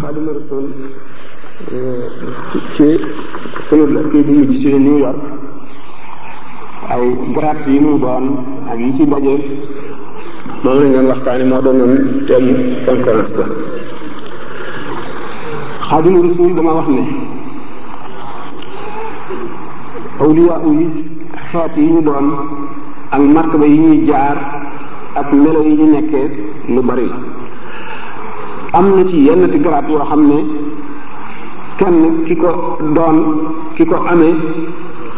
xaadima rasul ci sunu New York ay garaat yi mu doon ak yi ci daje moom lañ doon waxtaane moo doonoon thème conférence ba xaadima rasul dama wax ne awliyaa yi xeet yi ñu doon ak martaba yi ñuy jaar ak melo yi ñu nekkee lu bari am na ci yenn ti garaat yoo xam ne kenn ki ko doon ki ko amee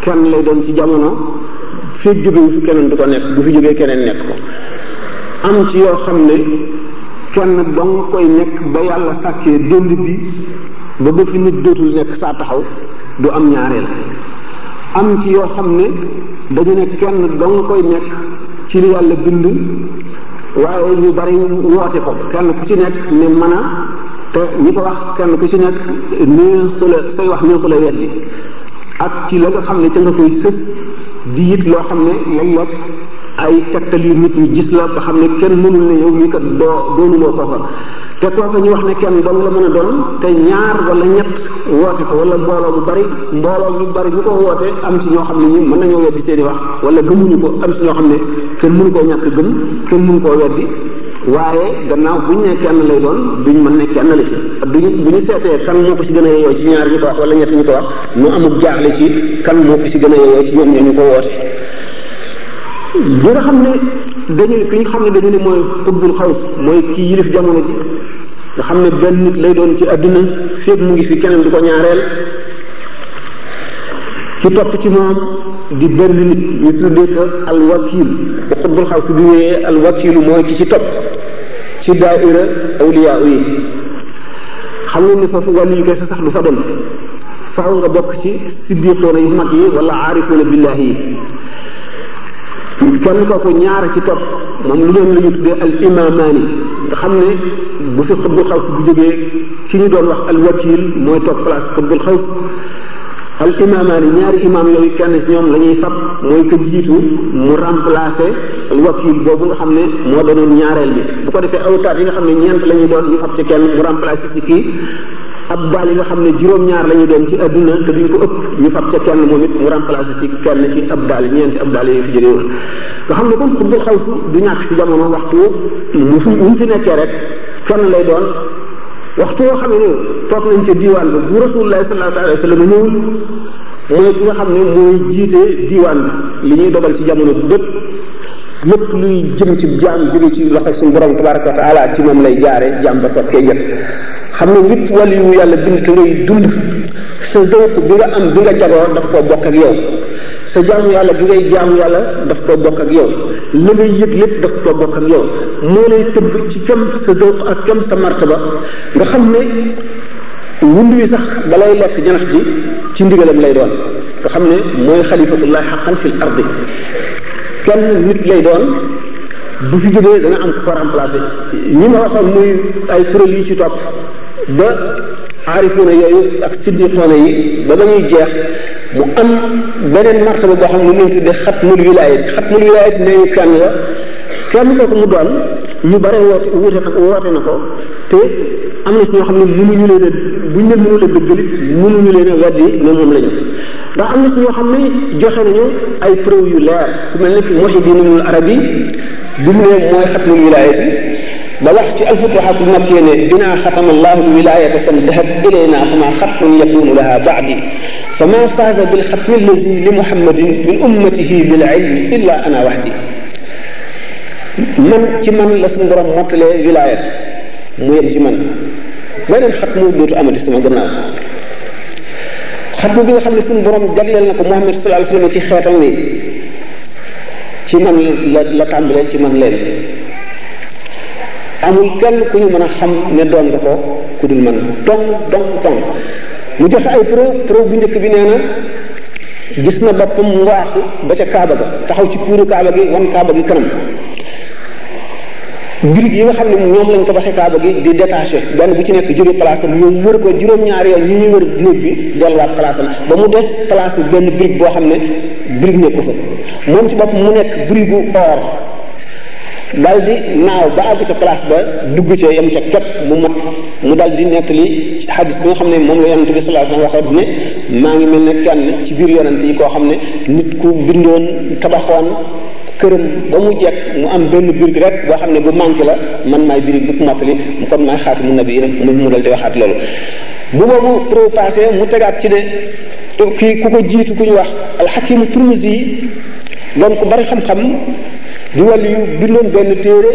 kenn lay doon ci jamono fi jógewu fi keneen ko nekk bu fi keneen nekk ko am ci yoo xam ne kenn dong koy nekk ba yàlla sàkkee dënd bi ba ba fi nit dootul nekk saa taxaw du am ñaareel am ci yoo xam ne dañu ne kenn dong koy nekk ci li yàlla bind waaw ñu bari woote ko kenn ku ci nekk ne mën a te ñi ko wax kenn ku ci nekk nii xula say wax nii xula weddi ak ci la ko xam ne ca nga koy sës di it loo xam ne lañ ay tegtal yu nit ñi gis la nga xam ne kenn mënul ne yow mii kat doo doonuloo kooka te kooka ñu wax ne kenn doon la mën a doon te ñaar wala ñett woote ko wala mbooloo bu bari mbooloo bu bari bu ko woote am ci ñoo xam ne ñi mën nañoo weddi seeni wax wala gëmuñu ko am ci ñoo xam ne kenn mënu koo ñàkk gëm kenn mënu koo weddi waaye gannaaw bu ñu ne kenn lay doon duñ ne kenn la ci duñ bu ñu seetee kan moo ko ci gën a yeyoo ci ñaar ñu ko wax wala ñett ñu ko wax mu amul jaaxle ci kan moo ko ci gën a yeyoo ci ñoom ñoo ñu ko woote bi nga xam ne dañu ne ki ñu xam ne dañu ne mooy xutbul xaws mooy kii yilif jamono ji nga xam ne benn nit lay doon ci àddina féeg mu ngi fi keneen du ko ñaareel ci topp ci moom di benn nit ñu tuddee ko alwakil bu xutbul xaws bi wéyee alwakilu mooy ki ci topp ci daaira awliya yi xam nga ni foofu wàllu yu kese sax du fa dem faaw nga bokk ci siddiqoona yu mag yi wala aarifoona billahi yi kon ko ñaara ci topp moom lu leen la ñu tuddee al imamaani nga xam ne bu fi xutbul xaws bu jógee ki ñu doon wax al wakil mooy toog place xutbul xaws al imamaani ñaari imam yooyu kenn ci ñoom la ñuy fab mooy ko jiitu mu remplacer al wakil boobu nga xam ne moo doonoon ñaareel bi bu ko defee awtaat yi nga xam ne ñeent la ñuy doon ñu fab ci kenn mu remplacer si kii ab baal yi nga xam ne juróom-ñaar la ñu doon ci adduna te duñ ko ëpp ñu fab ca kenn moom it mu remplacé ci kenn ci ab baal ñeenti ab baal yooyu fi jëlee woon nga xam ne kon xutbul xaw si du ñàkk si jamono waxtu mu fi mu fi nekkee rek fenn lay doon waxtu woo xam toog nañ ca diwaan ba bu rasulullahi sallallahu alayhi wa sallam ñëwul nga xam ne mooy jiite diwaan li ñuy dogal ci jamono bi bépp lépp luy jëm ci jaam jóge ci loxo suñu borom tabaraka wa ci moom lay jaare jaam ba soog koy xam ne lépp wàllu yàlla bind te ngay dund sa zëwk bi nga am bi nga jagoo daf koo bokk ak yow sa jaamu yàlla bi ngay jaamu yàlla daf koo bokk ak yow la ngay yëg lépp daf koo bokk ak moo lay tëbb ci kem sa zëwk ak kem sa ba nga xam ne wund wi sax balay lekk janax ji ci ndigalam lay doon nga xam ne mooy xalifatullahi xaqan fil ardi kenn nit lay doon bu fi jógee dana am ko remplacé ñi ma waxoon muy ay kuréel yi ci topp ba aarifuuna yooyu ak siddiqoona yi ba ba ñuy jeex mu am beneen martaba boo xam ne mu ngi tudde xatmul wilaayati xatmul wilaayati nee ñu kenn la kenn kooku mu doon ñu bare woote wuute na woote na ko te am na si ñoo xam ne mënuñu leen bu buñ leen mënul a dëggalit mënuñu leen a weddi ne moom la ndax am na si ñoo xam ne joxe nañu ay pro yu leer ku mel ne fi Muhyiddin al Arabi bi mu ne mooy xatmul wilaayati ba wax ci alfutuxatul makkiya ne bina xatama allahu wilayata kan dahat ilayna fama xatmun yakunu laha baadi fama faaza bilxatmi allazi li muhammadin min ummatihi bil ilmi illa ana waxdi man ci man la suñu borom mottalee wilaaya mu yem ci man beneen xatmu dootu amati sama gannaaw xatmu bi nga xam ne suñu borom jagleel na ko Muhammad sallallahu alayhi wa sallam ci xeetam wi ci man la la tàmbalee ci man leen amul kenn ku ñu mën a xam ne doon nga ko ku dul man tong tong mu joxe ay preuve preuve bu njëkk bi nee gis na boppam mu waaxu ba ca kaaba ga taxaw ci puuru kaaba gi wan kaaba gi kanam birig yi nga xam ne ñoom lañ tabaxee kaaba gi di détaché benn bu ci nekk jóge place am ñoom wër ko juróom-ñaari yoon ñu ñuy wër néeg bi delluwaat place ba mu des place benn birig boo xam ne birig nekku fa moom ci bopp mu nekk bu or dal di naaw ba àgg ca place ba dugg ca yem ca képp mu mot mu dal di nettali xadis boo xam ne moom la yonent bi sallallahu alayhi wasallam waxoon ne maa ngi mel ne kenn ci biir yonent yi koo xam ne nit ku bindoon tabaxoon këram ba mu jekk mu am benn birig rek boo xam ne bu manqué la man maay birig bu mottali mu kon maay xaatimu nabi mu mu dal di waxaat loolu bu boobu propassé mu tegaat ci ne kii ku ko jiitu ku ñu wax alxakimu turmusi yi doon ko bari xam-xam di waliyu bindoon benn téere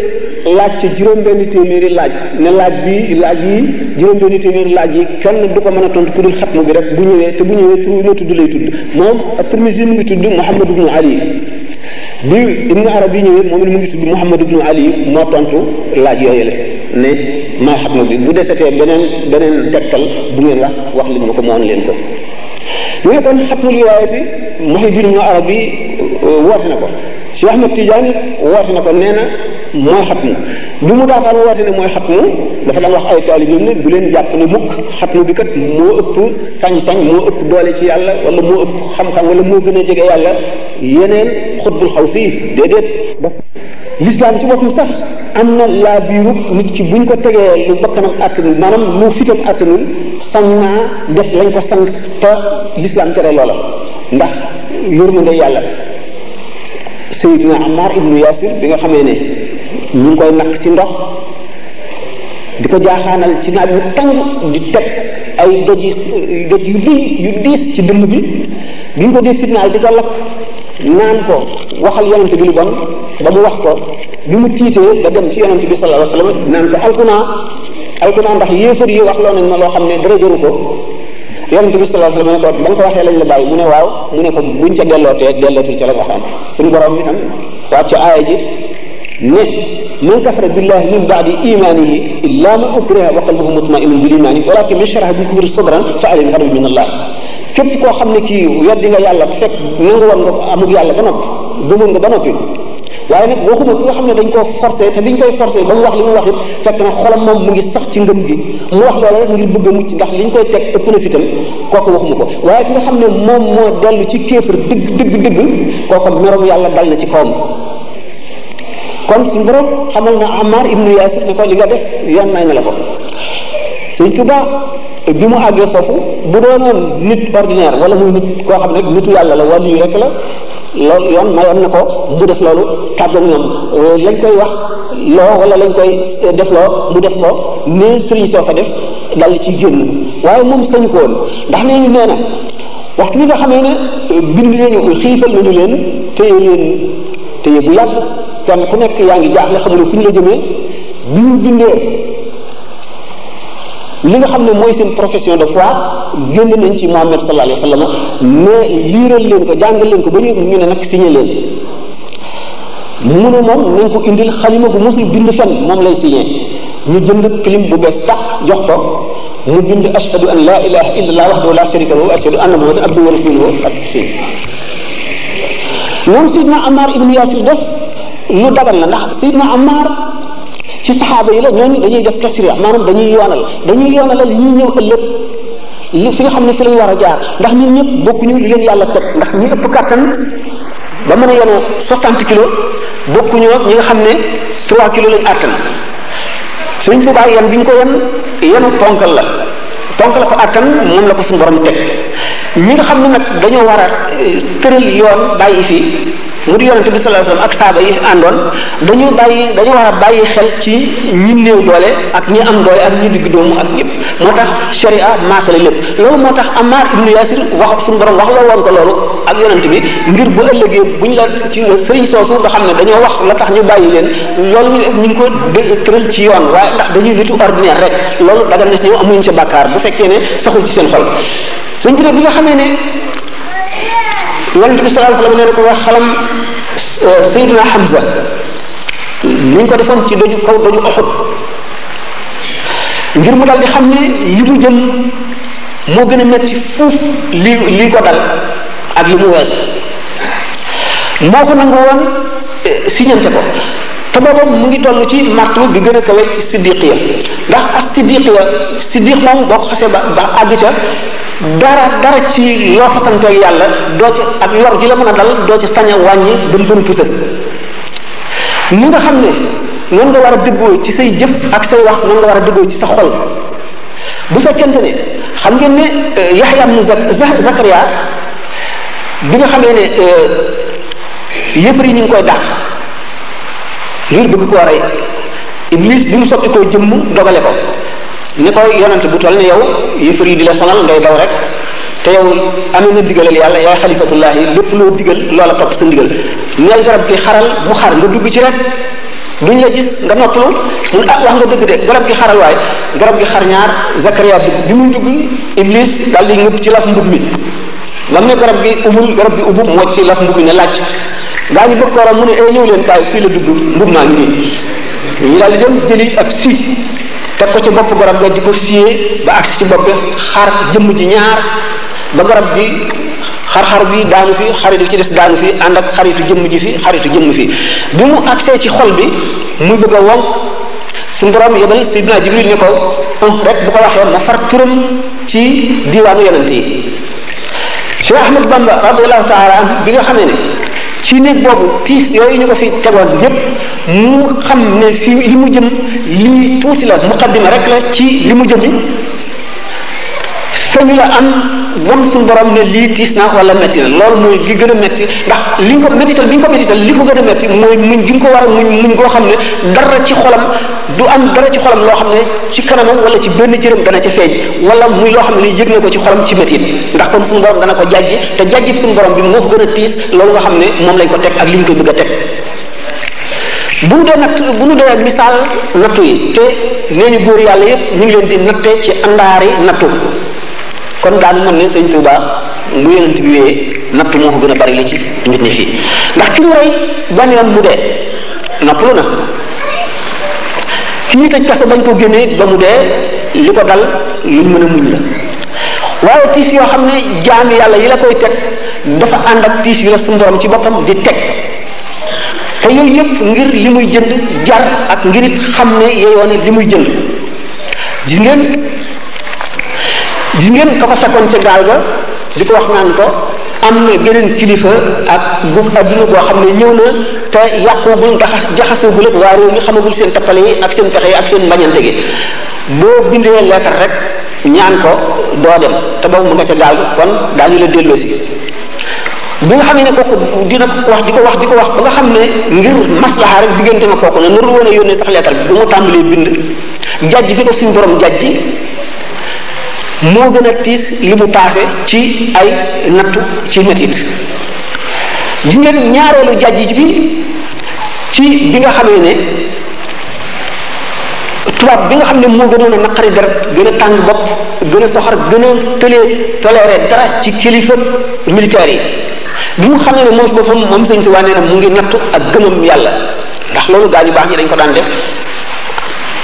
laaj ci juróom-benn téeméeri laaj ne laaj bi laaj yi juróom-benn téeméeri laaj yi kenn du ko mën a tontu ku dul xatmu bi rek bu ñëwee te bu ñëwee tur ñoo tudd lay tudd moom Tirmisi mu ngi tudd Muhammad ibnu Ali bi Ibnu Arabi ñëwee moom it mu ngi tudd Muhammad ibnu Ali moo tontu laaj yooyu la ne maa xatmu bi bu desetee beneen beneen tegtal bu ngeen wax wax leen ma ko moon leen ko ñu ne kon xatmul riwaayati Muhyiddin Ibnu Arabi woote na ko Cheikh Ahmed Tidiane woote na ko nee na mooy xatmu bi mu daataan woote ne mooy xatmu dafa daan wax ay taalibeem ne bu leen jàpp ne mukk xatmu bi kat moo ëpp sañ-sañ moo ëpp doole ci yàlla wala moo ëpp xam-xam wala moo gën a jege yàlla yeneen xutbul xaw si déedéet lislaam ci boppam sax am na laa biiru nit ki buñ ko tegee lu bakkanam àttanul maanaam lu fitam àttanul sañ naa def lañ ko sant te lislaam tere loola ndax yërmande yàlla Seydina Ammar ibnu Yasir bi nga xamee ne ñu ngi koy nakk ci ndox di ko jaaxaanal ci naaj wu tàng di teg ay doj doj yu di diis ci dënn bi bi ñu ko dee fitnaal di ko lakk naan ko waxal yonent bi lu bon ba mu wax ko bi mu tiitee da dem ci yonent bi sallallahu alayhi wasallam naan ko alku naa alku ndax yéefar yi wax loo nañ ma loo xam ne dara jëru ko yonent bi sallallahu alayhi nga ko waxee lañ la bàyyi mu ne waaw mu ne ko buñ ca dellootee dellootul ca la waxaan suñu borom mi tam wàcc aaya ji ne man kafara billahi min ba'di imanihi illa man ukriha wa qalbuhu mutma'innun bil imani walakin man sharaha bil kufri sadran fa alayhim min allah képp koo xam ne kii weddi nga yàlla fekk nangu woon amug yàlla ba noppi gëmoon nga ba waaye nag waxuma ki nga xam ne dañ koo forcé te biñ koy forcé ba mu wax li mu wax it fekk na xolam moom mu ngi sax ci ngëm gi mu wax loola rek ngir bëgg a mucc ndax koy teg ëpp na fitam kooku waxuma ko waaye ki nga xam ne moom moo dellu ci kéefër dëgg dëgg dëgg kooku merom yàlla dal na ci kawam kon suñu borom xamal na Amar ibnu Yaasir ne ko li nga def yoon may na la ko Sëñ Tuubaa bi mu àggee foofu bu doonoon nit ordinaire wala muy nit koo xam ne nitu yàlla la wàllu yu rek la loolu yoon mayoon na ko bu def loolu tàggat ñoom euh, lañ koy wax loo wala lañ koy euh, def loo mu def ko ne sëriñ soo ko def dal ci génn waaye moom sañu ko woon ndax nee ñu nee na waxtu bi nga xamee ne euh, bind nañu xiifal nañu leen téye leen téye bu yàgg kenn ku nekk yaa ngi jaaxle xamul fu ñu la jëmee bi mu bindee li nga xam ne mooy seen profession de foi génn nañ ci Muhammad sallallahu alayhi wa sallam mais liiral leen ko jàngal leen ko ba ñu ne nag signé leen mu ne moom nañ ko indil xalima bu mosul bind fenn moom lay signé ñu jënd clim bu bees tax jox ko mu bind ashhadu an la a illallah wahdahu la sharika lahu ashhadu anna muhammadan abduhu wa rasuluhu ak signé ibnu Yasir def lu dagan la ndax Sidna Ammar ci saxaaba yi la ñooñu dañuy def tasriya maanaam dañuy yoonal dañuy yoonalal ñi ñëw ëllëg li fi nga xam ne fi lañ war a jaar ndax ñu ñëpp bokkuñu li leen yàlla teg ndax ñi ëpp kàttan ba mën a yenu 60 kilos bokkuñu ñi nga xam ne 3 kilo lañ àttan suñ tubaab yan bi ñu ko yen yenu ponkal la ponkal la ko àttan moom la ko suñu borom teg ñi nga xam ne nag dañoo war a eh, tëral yoon bàyyi fii mu di yonente bi sallallahu alayhi wasallam ak saaba yi àndoon dañu bàyyi dañu war a bàyyi xel ci ñi néew doole ak ñi am doole ak ñi digg doomu ak ñëpp moo tax sharia maasale lépp loolu moo tax Ammar ibnu Yasir wax suñu borom wax loo woon ko loolu ak yonente bi ngir bu ëllëgee buñ la ci sëriñ soosu nga xam ne dañoo wax la tax ñu bàyyi leen loolu ñu ñu ko ko tëral ci yoon waaye ndax dañuy nitu ordinaire rek loolu dagal na ci ñoom amuñu ci bàkkaar bu fekkee ne saxul ci seen xol sëñ bi bi nga xamee ne yonent bi sallallahu alayhi wa sallam nee na ko wax xalam euh, Seydina Hamza ni ko defoon ci doju kaw doju ngir mu daal di xam ni li mu jëm moo gën a metti fuuf lii lii ko dal ak li mu weesu moo ko nangu woon euh, siñante ko te mu ngi toll ci martu bi gën a kawe ci siddiqiya ndax ak siddiqiya siddiq moom boo ko ba àgg ca dara dara ci loo fasanteeg yàlla doo ci ak lor ji la mën a dal doo ci sañ a wàññi ba mu gën a fësal nga xam ne noonu nga war a dëggoo ci say jëf ak say wax noonu nga war a dëggoo ci sa xol bu fekkente ne xam ngeen ne euh, Yaxya mu Zakariya bi nga xamee ne euh, yëpp yi ñu ngi koy dàq ngir bëgg koo rey Iblis bi mu soppi koo jëmm dogale ko ni koy yonent bu toll ne yow. yëfër yi di la sonal ngay daw rek te yow amee na digalal yàlla yaay xalifatullahi lépp loo digal loola topp sa ndigal ñeel garab gi xaral bu xar nga dugg ci rek duñ la gis nga noppalu mun ah wax nga dëgg de garab gi xaral waaye garab gi xar ñaar Zakaria bi muy dugg Iblis daal di ngëpp ci laf mbub mi lam ne garab gi umul garab gi ubbu moo ci laf mbub mi ne laaj gaa ñu bëgg kooram mu ne eh, ñëw leen kaay fii la dugg mbub naa ngi nii ñu daal di teg ko ci bopp garab ga di ko siyee ba agsi ci bopp xar jëmm ji ñaar ba garab bi xar-xar bi daanu fi xaritu ci des daanu fi ànd ak xaritu jëmm ji fi xaritu jëmm fi bi mu agsee ci xol bi mu bëgg a wow suñu borom yebal Seydina Jibril ne ko rek bu ko waxee ma far turam ci diiwaanu yonent yi Cheikh Ahmad Bamba radiyallahu taala bi nga xamee ne ci néeg boobu tiis yooyu ñu ko fi tegoon yépp mu xam ne fi li mu jëm lii tuuti la muqaddima rek la ci li mu jëmi sëñu la am wam suñu borom ne lii tiis na wala métti na loolu mooy li gën a métti ndax li nga ko méttital bi li ko gën a métti mooy muñ gi nga ko war a muñ muñ goo xam ne dara ci xolam du am dara ci xolam loo xam ne ci kanamam wala ci benn jërëm dana ca feeñ wala muy loo xam ne yëg na ko ci xolam ci métti ndax kon suñu borom dana ko jajji te jajji suñu borom bi moo ko gën a tiis loolu nga xam ne moom lañ ko teg ak li ñu koy bëgg a teg bu ñu dee bu ñu dee misaal nattu yi te nee ñu góor yàlla yëpp ñu ngi leen di natte ci àndaari nattu kon daanu mën ne sëñ Touba mu yonent bi wee natt moo ko gën a bari li ci nit ñi fii ndax ki ñu rey ban yoon mu dee nappalu na ki ñu tëj kaso bañ ko génnee ba mu dee li ko dal luñ mën a muñ la waaye tiis yoo xam ne jaami yàlla yi la koy teg dafa ànd ak tiis yi la suñu ci boppam di teg te yooyu yëpp ngir li muy jënd jar ak ngir it xam ne yeyoo li muy jënd gis ngeen gis ngeen ka ko sakkoon ca gaal ga di ko wax naan ko am na geneen kilifa ak bu adduna boo xam ne ñëw na te yàquwul jaxasoogul ak waa réew mi xamagul seen tappale yi ak seen pexe yi ak seen mbañante gi boo bindee lettre rek ñaan ko doo dem te boobu mu nga ca gaal kon daañu la delloosi bi nga xam ne kooku dina wax di ko wax di ko wax ba nga xam ne ngir maslaha rek diggante ma kooku ne nuru woon a yónnee sax leetar bi mu tàmbalee bind jajj bi ko suñ borom jajji moo gën a tiis li mu paase ci ay nattu ci metit di ngeen ñaareelu jajj bi ci bi nga xamee ne tubaab bi nga xam ne moo gënoon a naqari deret gën a tàng bopp gën a soxar gën a tëlee toléré dara ci kilifa militaire yi bi mu xamee ne moom si boppam moom sëñ Tuubaa nee na mu ngi nattu ak gëmam yàlla ndax loolu gaa ñu baax ñi dañ ko daan def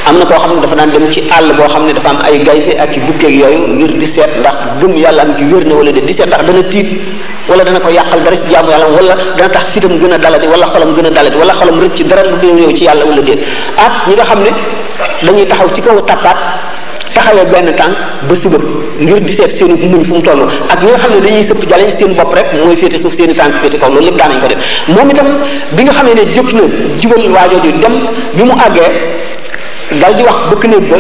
am na koo xam ne dafa daan dem ci àll boo xam ne dafa ay gaynde ak ci bukkeeg yooyu ngir di seet ndax gëm yàlla am ci wér na wala de di seet ndax dana tiit wala dana ko yàqal dara ci jaamu yàlla wala dana tax fitam gën a dalati wala xolam gën a dalati wala xolam rëcc ci dara lu néew ci yàlla wala déet ah dañuy taxaw ci kaw tappaat taxawee benn tànk ba suba ngir di seet seenu muñ fu mu toll ak ñi nga xam ne dañuy sëpp jaleñ seen bopp rek mooy féete suuf seeni tànk féete kaw loolu lépp daanañ ko moom itam bi nga xamee ne jóg na jubal waajooju dem bi mu àggee dal di wax bëkk néeg ba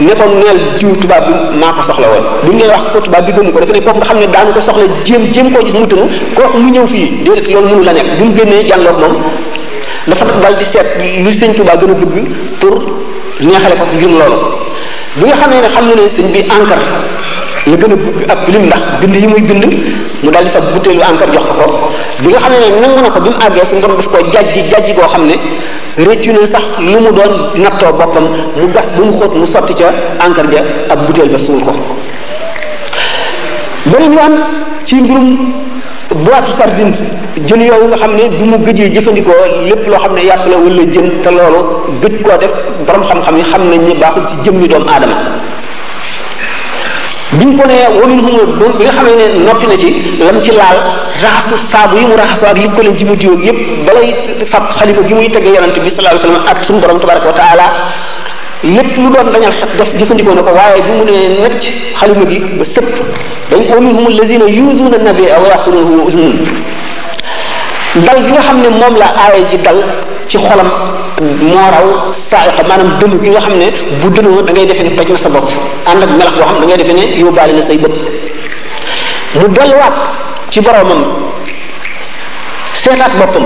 ne ko neel tubaab bi maa ko soxla woon bu ñu lay wax ko tubaab bi gëmu ko dafa ne kooku nga xam ne daanu ko soxla jéem jéem koo gis mu tënu kooku mu ñëw fii déedéet loolu mënu la nekk bi mu génnee jànloog moom dafa dal di seet lu sëñ Tuubaa gën a bëgg pour neexale ko ngir loolu bi nga xamee ne xam na ne sëñ bi encre la gën a bëgg ab lim ndax bind yi muy bind mu dal di fa butéelu encre jox ko ko bi nga xamee ne nangu na ko bi mu àggee suñu borom daf koo jajji koo xam ne rëccu na sax lu mu doon nattoo boppam mu gas ba mu xóot mu sotti ca encre ja ak butéel ba suul ko beneen yoon ci mbirum boitu sardine jën yooyu nga xam ne bu mu gëjee jëfandikoo lépp loo xam ne yàpp la wala jën te loolu gëj koo def borom xam-xam yi xam nañ ne baaxul ci jëmmi doomu aadama biñ ko nee wamin humu bi nga xamee ne noppi na ci lam ci laal raxasu saabu yi mu raxasu ak li ko leen ci mu diwóog yépp balay fab xalifa gi muy tegge yonante bi sallallahu alayhi wasallam ak suñu borom tabaraka wa taala lépp lu doon dañal xet def jëfandikoo na ko waaye bi mu ne nag xalima gi ba sëpp dañ wa minhum allazina yuzuuna nabia wa gi nga xam ne moom la aaya ji dal ci xolam moo raw saaiqa maanaam dënn gi nga xam ne bu dënoo da ngay defe ne toj na sa bopp ànd ak melax boo xam ne ngay defe ne yóbbaale na say bopp mu delluwaat ci boromam seetaat boppam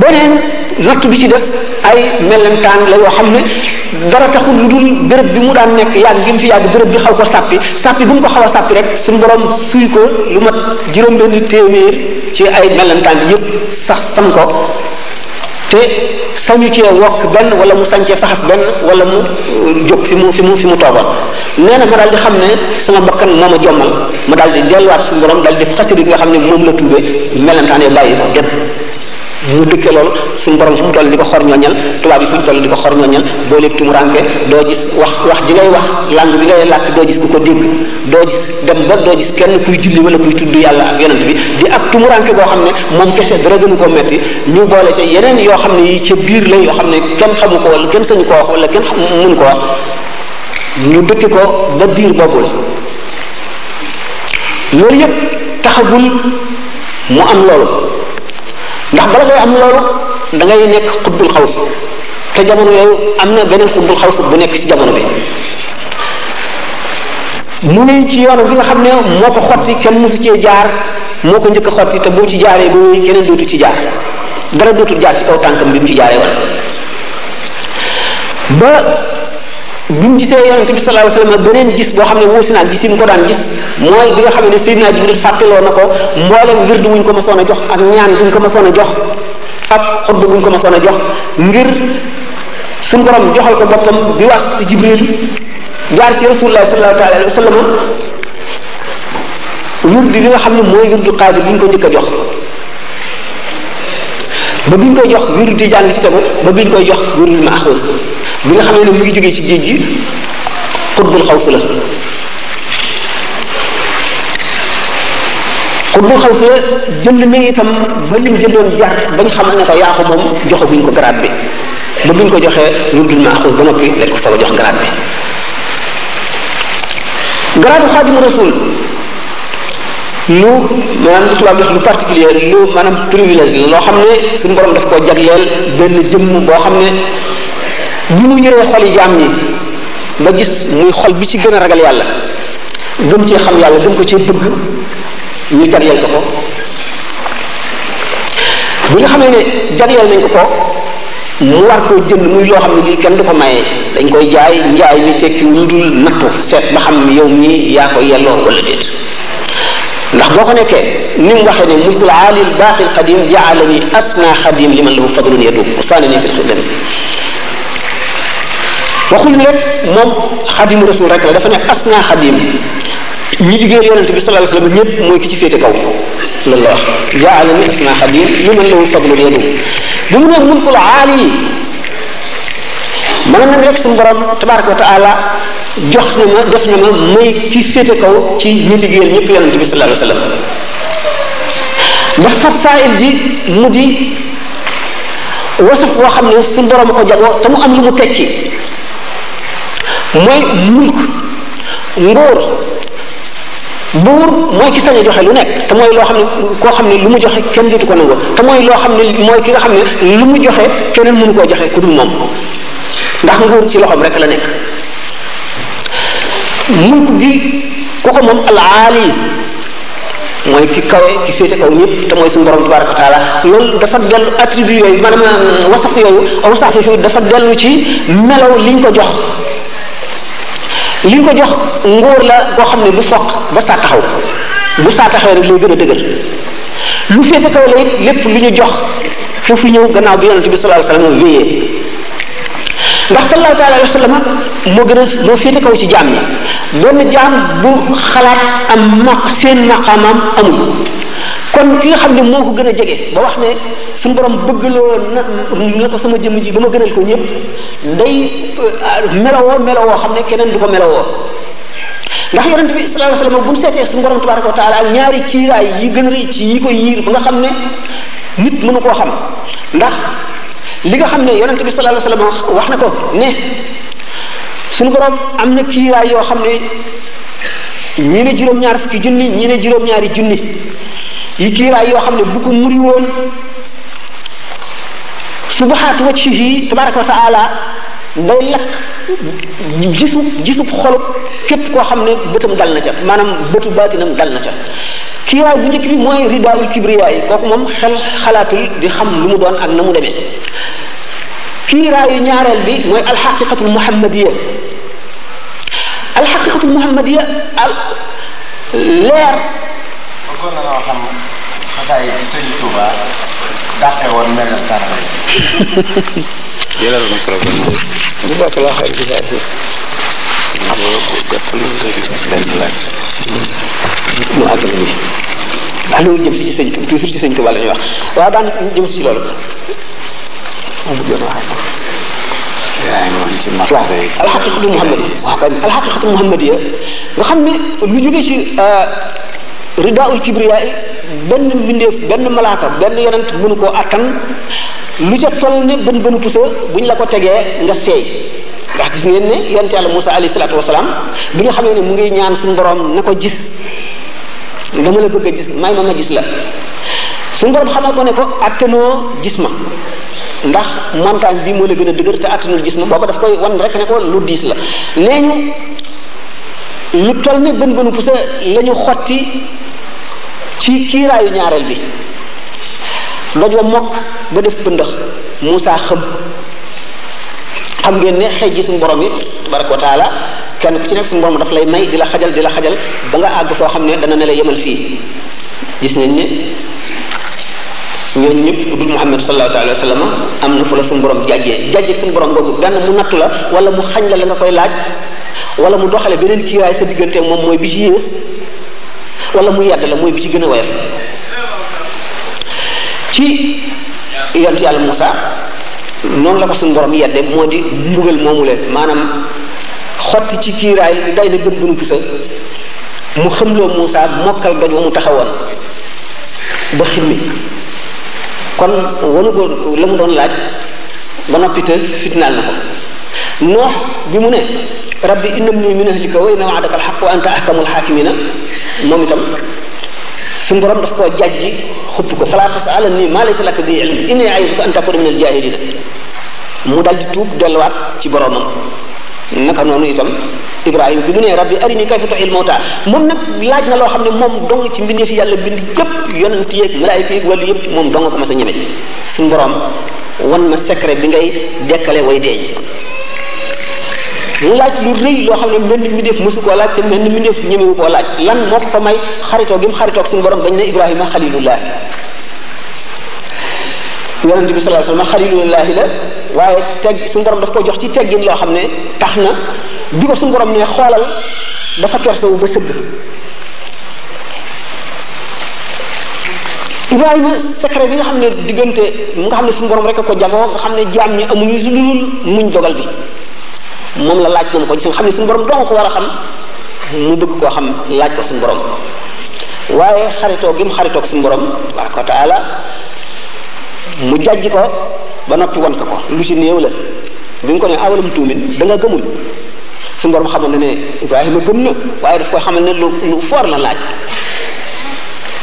beneen natt bi ci def ay melentaan la yoo xam ne dara taxul lu dul béréb bi mu daan nekk yàgg gi mu fi yàgg béréb bi xaw ko sàppi sàppi bu mu ko xaw a sàppi rek suñu borom suy ko lu mat juróom-benn téeméer ci ay melentaan yëpp sax sam ko te sañu cee wokk benn wala mu sañcee faxas benn wala mu uh, jóg fi mu fi mu fi mu toogoon nee na ma daal di xam ne sama bakkan moo ma jommal ma daal di delluwaat suñu borom daal di def xasida bi nga xam ne moom la tuubee melentaan yi bàyyi ko yëpp mu dëkke loolu suñ borom fu mu toll di ko xor ñooñal tubaab yi fu mu di ko xor ñooñal doo léeg doo gis wax wax ji ngay wax langue bi ngay làkk doo gis ku ko dégg doo gis dem ba doo gis kenn kuy julli wala kuy tudd yàlla ak yonent bi di ak tumuranke boo xam ne moom kese dara gënu ko metti ñu boole ca yeneen yoo xam ne yi ca biir la yoo xam ne kenn xamu ko wala kenn sañu ko wax wala kenn mun ko wax ñu dëkke ko ba diir boobu la loolu yëpp mu am loolu ndax bala ngay am loolu da ngay nekk xuddul xaws te jamono yooyu am na beneen xuddul xaws bu nekk ci jamono bi mu ne ci yoon bi nga xam ne moo ko xotti kenn mosu cee jaar moo ko njëkk a xotti te boo ci jaaree ba wéy keneen dootu ci jaar dara dootu jaar ci kaw tànkam bi mu ci jaaree woon ba bi mu gisee yonente bi sallallahu alayhi beneen gis boo xam ne wuusi naa gisim ko daan gis mooy bi nga xam ne Seydina Jibril fàttaloo na ko mboolem wirdu wuñ ko mësoon a jox ak ñaan buñ ko mësoon a jox ak xutba buñ ko mësoon a jox ngir suñ borom joxal ko boppam bi wax ci Jibril jaar ci Rasulullah sallallahu alayhi wasallam wirdu bi nga xam ne mooy wirdu Qaadir bi ñu ko njëkk jox ba biñ koy jox wirdu Tijaan bi ci tegu ba biñ koy jox wirdu Maxuus bi nga xamee ne mu ngi jógee ci géej gi xutbul xawsu la xutbul xawsu la jënd na itam ba lim jëndoon jar bañ xamal ne ko yaa ko moom joxaguñ ko grade bi ba buñ ko joxee ñu dul maaxuus ba noppi lañ ko soog a jox grade bi grade xaadimu rasul lu maanaam li tubaab loo xam ne suñu borom daf koo jagleel benn jëmm boo xam ne ni mu yëree xol yi jaam ñi ba gis muy xol bi ci gën a ragal yàlla gëm ci xam yàlla gëm ko cee bëgg ñu jagleel ko ko bi nga xamee ne jagleel nañ ko ko mu war koo jënd muy loo xam ne lii kenn du ko maye dañ koy jaay njaay mi tekki lu dul nattu seet ba xam yow mii yaa ko yelloo wala déet ndax boo ko nekkee ni mu waxee ne mulkul aalil baaqil qadim jaalani asna xadim liman lahu fadlun yadu saanani fi lxidam waxuñu rek moom xadimu rasul rek la dafa ne asna xadim ñi liggéeyal yonente bi sallallahu alayhi wasallam ñëpp mooy ki ci féete kaw loolu la wax jaalani asna xadim ñu mën lahu fadlul yadu bu mu ne mulkul aali mën borom tabaraka wa jox na ma def na ma mooy ki féete kaw ci ñi liggéeyal ñëpp yonente bi sallallahu alayhi wasallam ndax fat saa'il ji mu di wasaf boo xam ne suñu borom ko jagoo te mu am lu mu tekki mooy mulk nguur mooy ki sañ a joxe lu nekk te mooy loo xam ne xam ne lu mu joxe kenn dootu ko nangu te mooy loo xam ne mooy ki nga xam ne lu mu joxe keneen mënu koo joxe ku dul moom ndax nguur ci loxoom rek la nekk mulk bi ku ko moom alaali mooy ki kawe ki féete kaw ñëpp te mooy suñu borom tabaraka wa taala loolu dafa dellu attribut yooyu a wasaf yooyu aw sax yooyu dafa dellu ci melaw liñ ko jox li nga ko jox nguur la boo xam ne lu soq ba saa taxaw bu saa taxawee rek lay gën a dëgër lu féete kaw la lépp lu ñu jox foofu ñëw gannaaw bi yonente bi sallallahu alayhi wa sallam wéyee ndax sallallahu taala alayhi wa moo gën a moo féete kaw ci jaam yi benn jaam bu xalaat am maq seen maqaamam amul kon ki nga xam ne moo ko gën a jege ba wax ne suñu borom bëggloo na la ko sama jëmm ji ba ma gënal ko ñëpp day euh, melowoo melowoo xam ne keneen du ko melowoo ndax yonent bi sallallahu alayhi wasallam bu mu seetee suñu borom tabaraka wa taala ak ñaari ciiraay yi gën rëy ci yi ko yiir ba nga xam ne nit mënu koo li nga xam ne yonent bi sallallahu alayhi wasallam wax na ko ne suñu borom am na kiiraay yoo xam ne ñi ne juróom-ñaar fukki junni ñi ne juróom-ñaari junni yi kiiraay yoo xam ne bu ko muri woon subahaat wajhihi tabaraka wa taala day lakk gisub gisub xolub képp koo xam ne bëtam dal na ca maanaam bëtu baatinam dal na ca kiiraay bu njëkk bi mooy ridaawul kibriyaay kooku moom xel di xam lu mu doon ak na mu demee kiiraayu ñaareel bi mooy alxaqiqatul muhammadiya alxaqiqatul muhammadiya leer bëggoon na noo xam xasaay bi sëñ Touba dàqe woon melal dara jëlal micro bi bu baax laa xam ci saa si mu àgg nii ndax loolu jëm si ci sëñ toujours ci sëñ Touba la ñuy wax waaw daan jëm si loolu moom mu jëm waxee yaa ngi woon ci martaba yi. alxaqiqatu muhammadiya wax kañ alxaqiqatu muhammadiya nga xam ne lu jógee ci ridaul kibriya yi benn mbindeef benn malaaka benn yonent mënu koo attan lu ca toll ne bën bënu pusa bu ñu la ko tegee nga seey ndax gis ngeen ne yonent yàlla Musa alayhi salaatu wasalaam bi nga xamee ne mu ngiy ñaan suñu borom na ko gis dama la bëgg a gis may ma ma gis la suñu borom xamal ko ne ko attanoo gis ma ndax montagne bi moo la gën a dëgër te attanul gis ma booba daf koy wan rek ne ko lu diis la nee ñu lu toll ne bën bënu pusa la xotti ci kiiraayu ñaareel bi doj la mokk ba def pëndëx Muusaa xëm xam ngeen ne xëy ji suñu borom yi tabaraka wa kenn ku ci nekk suñu borom daf lay may di la xajal di la xajal ba nga àgg foo xam ne dana ne la yemal fii gis nañ ne ñooñu ñëpp dul Muhammad sallallahu alayhi wa sallam am na fu la suñu borom jàjjee jàjje suñu borom boobu benn mu nattu la wala mu xañ la la koy laaj wala mu doxale beneen kiiraay sa diggante moom mooy bi ci yées wala mu yedd la mooy bi ci gën a woyof ci yonent yàlla Musaa noonu la ko suñu borom yedde moo di mbugal moomu leen maanaam xotti ci kiiraay bi day na bët bu nu gisa mu xamloo Musaa mokkal gaj wa mu taxawoon ba ximmi kon wanu ko la mu doon laaj ba noppi te na ko noox bi mu ne rabbi innanii min ahlika wa inna wa'daka alhaq wa anta ahkamul haakimiina moom itam suñu borom daf koo jajji xupp ko falaa tas'alnii maa laysa laka bihi ilm innii a'iduka an takuuna min aljaahiliina mu daal di tuub delluwaat ci boromam naka noonu itam Ibrahima bi mu nee rabbi arinii kayfa tuhyil mawtaa moom nag laaj na loo xam ne moom dong ci mbindeef yàlla bind yëpp yonent yeeg malaayika yeeg wàllu yëpp moom dong ko mas a ñeme suñu borom wan ma secret bi ngay dekkale way deeñ laaj lu rëy loo xam ne menn mi def mësu koo laaj te menn mi def ñemewu koo laaj lan moo ko fa may xaritoo gi mu xaritoog suñu borom dañ ne Ibrahima xalilullah yonente bi sallallahu alayhi wasallam xalilullahi la waaye teg suñu borom daf ko jox ci teggin loo xam ne tax na bi ko suñu borom ne xoolal dafa kersewu ba sëgg Ibrahima secret bi nga xam ne diggante mu nga xam ne suñu borom rek a ko jagoo nga xam ne jaam ñi amuñu lu dul muñ dogal bi moom la laaj moom ko gis xam ne suñu borom dong ko war a xam mu bëgg koo xam laaj ko suñ borom waaye xaritoo gi mu xaritoog suñu borom tabaraka wa taala mu jàjj ko ba noppi wan ko ko lu ci néew la bi nga ko ne awalam tuumin da nga gëmul suñu borom xamal na ne Ibrahima gëm na waaye daf koy xamal ne lu lu foor la laaj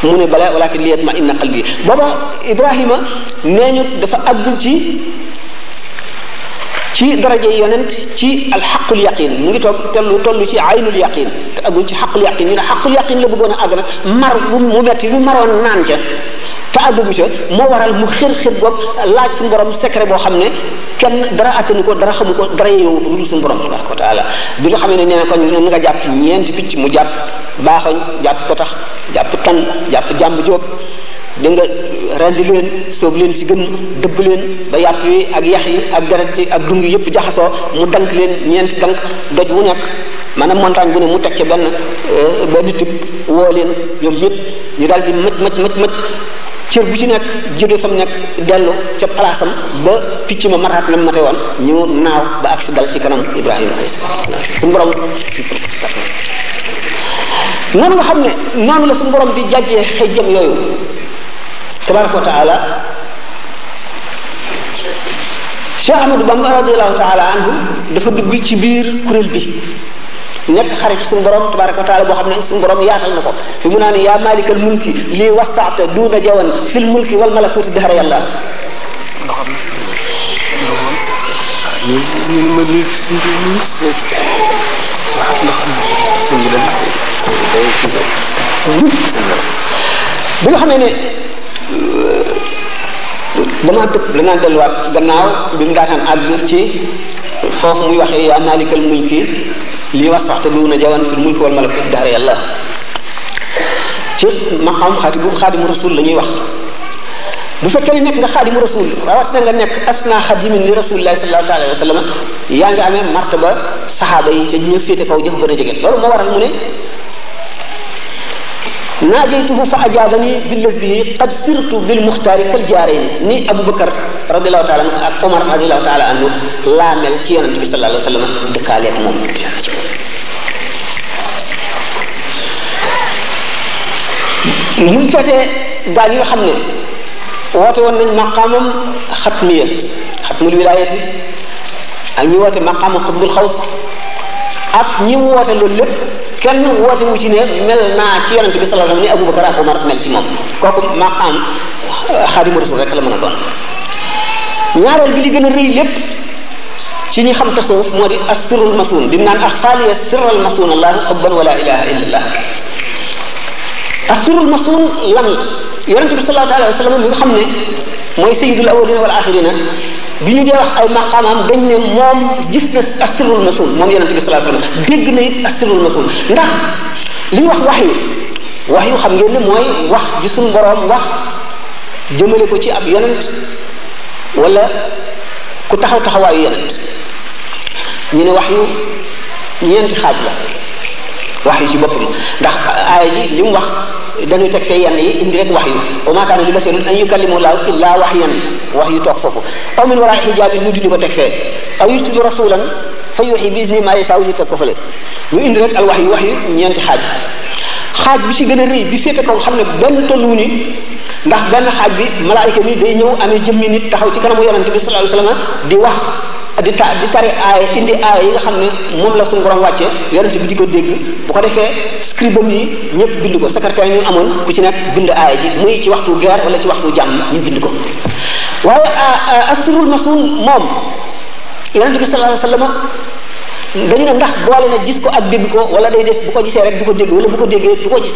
mu ne bala walakin liyatma inna qalbi booba Ibrahima nee ñu dafa àggul ci ci daraje yonent ci alxaqul yaqin mu ngi toog tellu toll ci aynul yaqin te agul ci xaqul yaqin ñu ne xaqul yaqin la bëggoon a àgg nag mar bu mu metti bu maroon naan ca te àggu ca moo waral mu xër xër boog laaj suñu borom secret boo xam ne kenn dara attanu ko dara xamu ko dara yeewu ko lu dul suñu borom tabaraka wa taala xamee ne nee na ko ñu nga jàpp ñeenti picc mu jàpp baaxoñ ko tax jàpp tan jàpp jàmb jóob di nga rendi leen sóob leen ci gën dëbb leen ba yàpp yi ak yax yi ak deret yi ak dung yëpp jaxasoo mu dank leen ñeenti dank doj wu nekk maanaam montagne bu ne mu teg ci benn euh, benn tib woo leen ñoom ñu daal di mëc mëc mëc mëc cër bu ci nekk jóge fa mu nekk dellu ca palaasam ba picc ma maraat na mate woon ñu naaw ba agsi dal ci kanam Ibrahima alayhi salaam noonu nga xam ne noonu la suñu borom di jàjjee xëy jëm yooyu tabaraka wa taala Cheikh Ahmadou Bamba radiallahu taala anhu dafa dugg ci biir kuréel bi nekk xarit suñu borom tabaraka boo xam ne suñu borom yaatal na ko fi mu naa ne yaa maalikal mulki lii wastaata duuna jawan fil mulki wal dahra yàlla bi nga xamee ne damaa dëpp danaa delluwaat gannaaw bi mu daataan àgg ci foofu muy waxee yaa maalikal ki lii was faxte lu na jawan fil mulki wal malakut daara yàlla ci maqaam xaatibu xaadimu rasul la ñuy wax bu fekkee ne nekk nga xaadimu rasul rawatina nga nekk asna xadimin li rasulillahi sallallahu taala wa sallam yaa ngi amee martaba saxaaba yi ca ñi féete kaw jëf ba a jege loolu moo waral mu ne naajaytuhu fa ajaabani billazihi qad sirtu bil muxtaari fal jaarayni ni Aboubacar radiallahu taala anhu ak Omar radiallahu taala anhu laa mel ci yonente bi sallallahu alayhi wa sallam dëkkaaleeg moom ñu seetee gaa ñi nga xam ne woote woon nañ maqaamam xatmiya xatmul wilaayati ak ñu woote maqaama xutbul xaws ak ñi mu woote loolu lépp kenn woote wu ci ne mel naa ci yonente bi sallallahu alayhi wa sallam ni Abubakar ak Umar mel ci moom kooku maqaam xaadimu rasul rek la mën a doon ñaareel bi li gën a rëy lépp ci ñi xam tasawuf moo di assirul masuun di naan ak xaaliya sirral masuun allahu xubban wala ilaha illallah assirul masuun lan la yonente bi sallallahu alayhi wa sallam mi nga xam ne mooy sayyidul awwalina wal axirina bi ñu dee wax ay maqaamam dañ ne moom gis na asirul masul moom yonente bi sallallahu alayhi wasallam dégg na it asirul masul ndax li ñu wax wax xam ngeen ne mooy wax ji suñu boroom wax jëmale ko ci ab yonent wala ku taxaw taxawaayu yonent ñu ne wax yu ñeenti xaaj la wax yu ci boppam ndax aaya li mu wax dañuy teg fee yenn yi indi rek wax yu wa ma kaana li basharin an yukallimahu llaahu illaa wahyan wax yu toog foofu aw min wara xijaabin ñu duñu ko teg fee aw yursilu rasulan fa yuxi bi izni maa yasaa ñu teg ko fële ñu indi rek al wax yu wax yi ñeenti xaaj xaaj bi ci gën a rëy bi te kaw xam ne benn tolluwu ni ndax benn xaaj bi malaayika mii day ñëw amee jëmmi nit taxaw ci kanamu yonante bi sallallahu alayhi wasallam di wax di ta di tari aaya indi aaya yi nga xam ne moom la suñu borom wàcce yonent bi di ko dégg bu ko defee scribam yi ñëpp bind ko secrétaire yi ñu amoon ku ci nekk bind aaya ji muy ci waxtu guerre wala ci waxtu jàmm ñu bind ko waaye asrul masun moom yonent bi sallallahu alayhi wasallam dañu ne ndax boole na gis ko ak dégg ko wala day def bu ko gisee rek bu ko dégg wala bu ko déggee du ko gis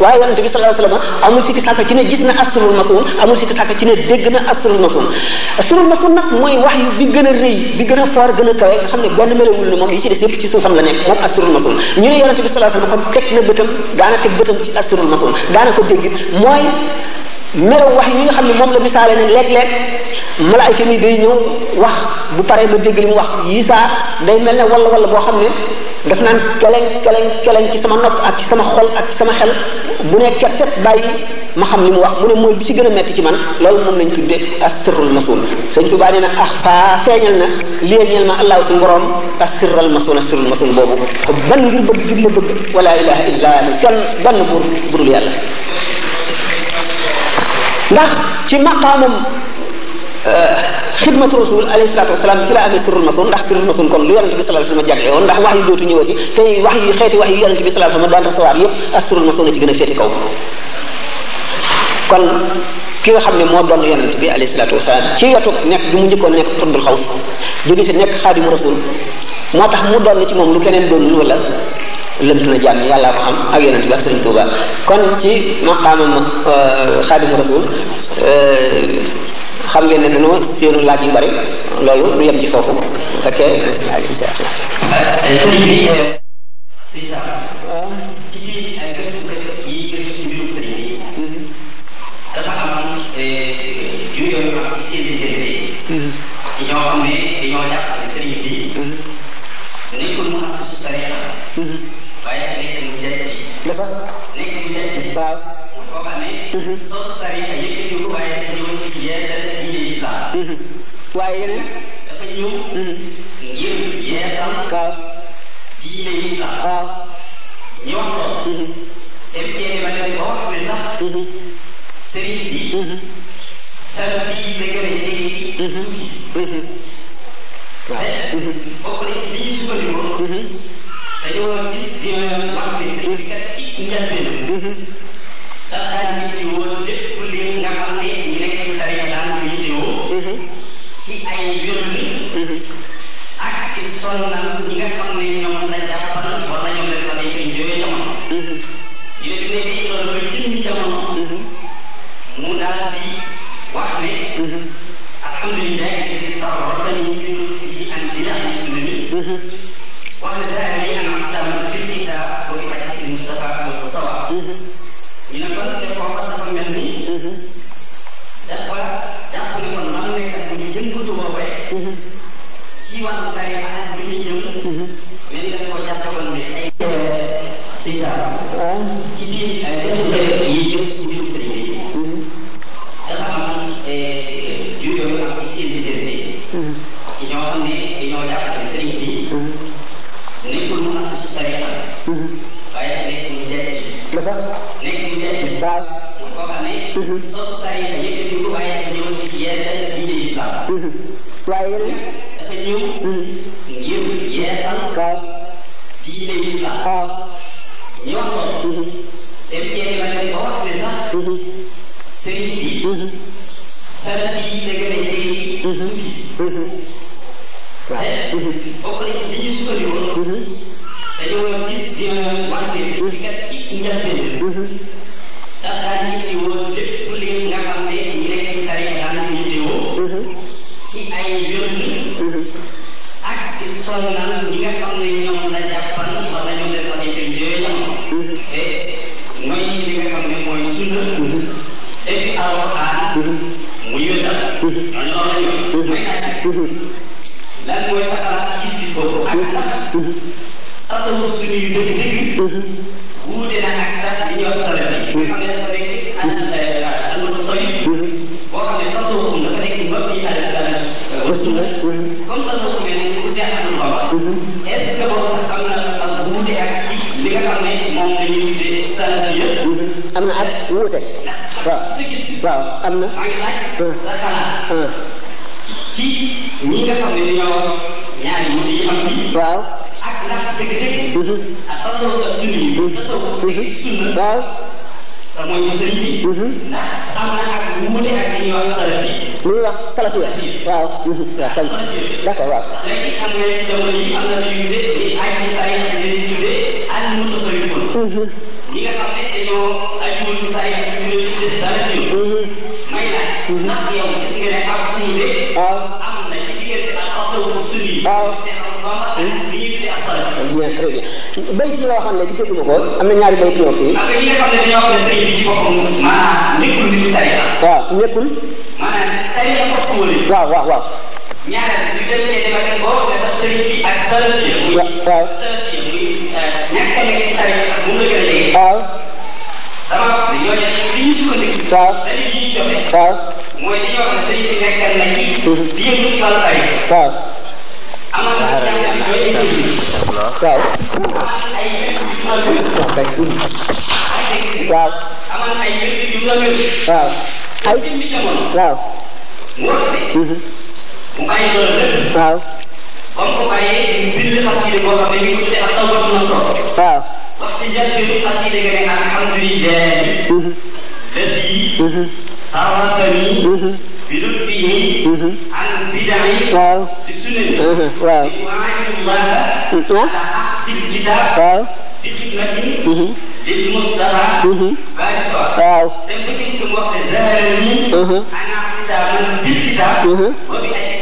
waaye yonente bi sallallahu alayhi wasallam amul sikki sàkk ci ne gis na asrul masun amul sikki sàkk ci ne dégg na asrul wax bi gën a rëy gën a foor gën a kawe nga xam ne benn melewul ne moom yi des yëpp ci suufam la nekk moom asrul masun ñu ne yonente bi sallallahu alayhi wasallam kon teg na bëtam daana teg bëtam ci asrul masun daana ko dégg mooy melaw wax yi nga xam ne moom la misaale ne léeg-léeg malaayka mi day ñëw wax bu paree ma dégg li mu wax yi saa day mel ne wala wala boo xam ne daf naan keleng keleng keleng ci sama nopp ak ci sama xol ak ci sama xel bu ne kettet bàyyi ma xam li mu wax mu ne mooy bi ci gën a metti ci man loolu moom lañ tudde asirrul masul sëñ Tuubaa nee na ah faa feeñal na lii ñeel ma allah suñu borom asirral masul asirrul masul boobu ban ngir bëgg ngir ma bëgg wala ilaha illa kenn benn buur budul yàlla ndax ci maqaamam Euh, xidmatu rasul alayhi salatu wasalaam ci la amee sirrul mason ndax sirrul mason kon lu yonente bi sallallahu alayhi wasallam jagle ndax wax yu dootu ñëwati tey wax yu xeeti wax yu bi sallallahu alayhi a féete ki nga xam ne moo doon yonent bi alayhi salatu wasalaam ci yotu nekk bi mu njëkkoon nekk furdul xaws jóge fi nekk xaadimu rasul moo tax mu doon ci moom lu keneen doonul wala lënt na jàmm yàllaa ko xam ak yonent bi ak Sëriñ Tuuba kon ci maqaamam euh, xaadimu rasul euh, xam ngeen ne dañoo seenu laaj yu bari loolu du yem ci foofu bu fekkee. sëriñ bi. ci yi ci mbirum sëriñ bi. dafa am juyoo yu am ci seen diggante. ñoo xam ne dañoo jàpp ne sëriñ bi. nekkul mu asus tariqa. waaye nekk mu jeex bi. dafa nekk mu jeex bi. waaw. boo xam ne. sos tariqa yëpp waaye dañoo ci yeesal waaye yeneen. dafa ñëw. Mm-hmm. ngir yeesal. waaw. diine yi sax. waaw. ñoo ko. dem mm-hmm. jéem mm-hmm. eh? a dem ba wax ne sax. sëriñ bi. sara bii da gën a jege. waaw. te bokk nañ li ñu sukkandikoo. dañoo gis wax ne kat ci njëlbeen. ndax daal di woon lépp li nga xam ne. ci ay yónni ak ci sonnal ñi nga xam ne ñoom la jàppal wala ñoom la xam ne koy jóge jamono yéen ne di loolu ba jënd jamono mu daal di wax ne alhamdulilah ci sa rola ñu ñu ci am ci am sunna ni wax ne daal di am sama fil kitab wa bi hadith Mustafa wa sawa ñu ne kon ne foofa dafa mel ni dafa jàpp ni kon xam ne kat bu ñu yëngatu boobee. ci wàllu mbay maanaam bi ñu jëm. mais dañ koo jàppaloon ne ay. déjà. ci biir ay yi jëm ci mbirum sëriñ bi. dafa am juyoo yu am ci seen diggante. ci ñoo xam ne ñoo jàppale sëriñ bi. nekkul mu as tariqa. waaye nekk mu jaay. dafa nekk mu jaay. base. boo xam ne. waaye yéen. ngir yeesal. waaw. diine yi fa. waaw. ñoo ko. dem jëli ba tey ba wax ne sax. sëriñ bi. sarati yi dëgg la jege. suuf waaw. bokk nañ ci li ñu sukkandiwoon. dañoo gis dina wàññi. kat ci njëlbeen. solo naan ñi nga xam ne ñoom la jàppan war nañu def ak yu njëriñam te mooy li nga xam ne mooy sunna dégg alquran muy wétal ñooñu loolu lañu mooy ak lan mooy taxawaat ci gis boobu ak ndax tasawuf suñu yu dëgg dëgg wuute na ak sax li ñuy wax salafi am na at wuute waaw waaw am na. ci ah. ñi nga xam ne dañoo ñaari mu di am bi. waaw. ak ndax dëgg-dëgg. Mhm. ak tasawuf ak sunni yi. tasawuf ak sunna. waaw. te mooy mu sëriñ bi. Mhm. ndax am na ak wuute ak li ñuy wax salafi. li ñuy wax salafi waaw. Mhm. waaw kañ d'accord waaw. léegi am na jamono yi am na lu ñu tuddee ay ay ay ay ay tuddee al mutasawwifun ñi nga xam ne dañoo ajuwul ci saa yi ñu ngi tuddee dara ci yow. Mhm. may laaj. Mhm. ndax yow gis nga ne ab tuuti. waaw am na ci diggante ak tasawuf sunni. waaw mhm. li ñuy tuddee ak salaf. bien très bien bayt yi nga xam ne gisaguñu ko am na ñaari bayt yoo fii. parce que ñi nga xam ne dañoo xam ne tey jii ci boppam maanaam nekkul nit ñi tariqa. waaw nekkul. maanaam tariqa ko waaw waaw waaw. ñaareel ñu dem tey dama dem boo nga def sëriñ bi ak salafiya muy waaw salafiya muy ñàkk a nekk sëriñ ak moom la gën a léegi. waaw dama wax ne ñooñu li ñu sukkandiku. waaw dañu ñuy joxe. waaw mooy li ñoo xam ne sëriñ bi nekkal na ci. di yëngu ci wàllu ay. waaw. amal na ay ñooñu ay ñooñu. waaw. amal ay yëngu ci wàllu ay. waaw. amal ay yëngu ci wàllu ay. waaw. ay. waaw. moo tax. mu bàyyi loolu lépp. waaw. ba mu ko bàyyee ñu bind xasida boo xam ne ñu ngi ko tuddee ak taw ba mu solo. waaw. wax ci njëlbéenu xasida ga ne alhamdulilah. Mm-hmm. Mm-hmm. lati. sarafani. Mm-hmm. bi lutfihi. an bidai. waaw. di sunnati. waaw. di waayullah. ala ahsil kitab. waaw. di xidmati. li Mustafa. waaw. dem ba ci wax ne zaharani. ana xisaaban bil kitab. wa bi ay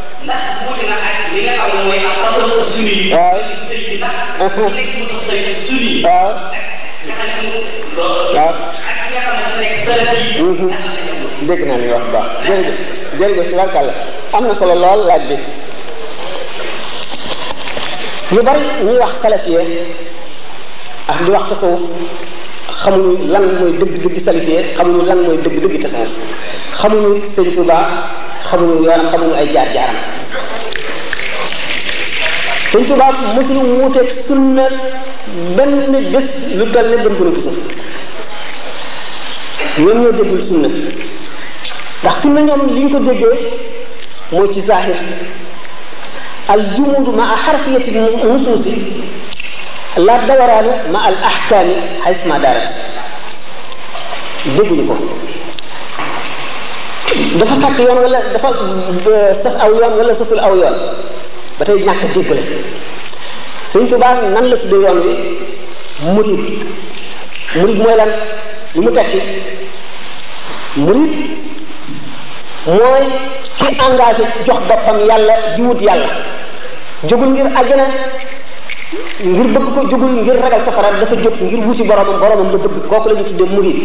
ndax wuute na ak li nga xam ne mooy ak mm-hmm. bu baax am na solo lool laaj bi ñu bari ñuy wax salafiyee ak di wax tasawuf xamuñu lan mooy dëgg-dëgg salafiyee xamuñu lan mooy dëgg-dëgg tasawuf xamuñu xamuñu yoonam xamuñu ay jaar-jaaram suñ tubaab mosul wuuteeg sunna benn bés lu dal ne gën gën a gisul ñoom ñoo déggul sunna ndax li ñu ko déggee mooy ci zahir al jumudu ma a xarfiyati nusuusi la dawaraanu ma al ahkaami xays ma daarat dégguñu ko dafa sàkk yoon wala dafa euh, sas aw yoon wala sasul aw yoon ba tey ñàkk dégg la sëñ Tuubaa nan la tudde yoon wi murid murid mooy lan lu mu tekki murid mooy ki engagé jox boppam yàlla di wut yàlla jógul ngir àjjana ngir bëgg ko jógul ngir ragal safara dafa jóg ngir wuti boromam boromam la bëgg kooku la ñu tudde murid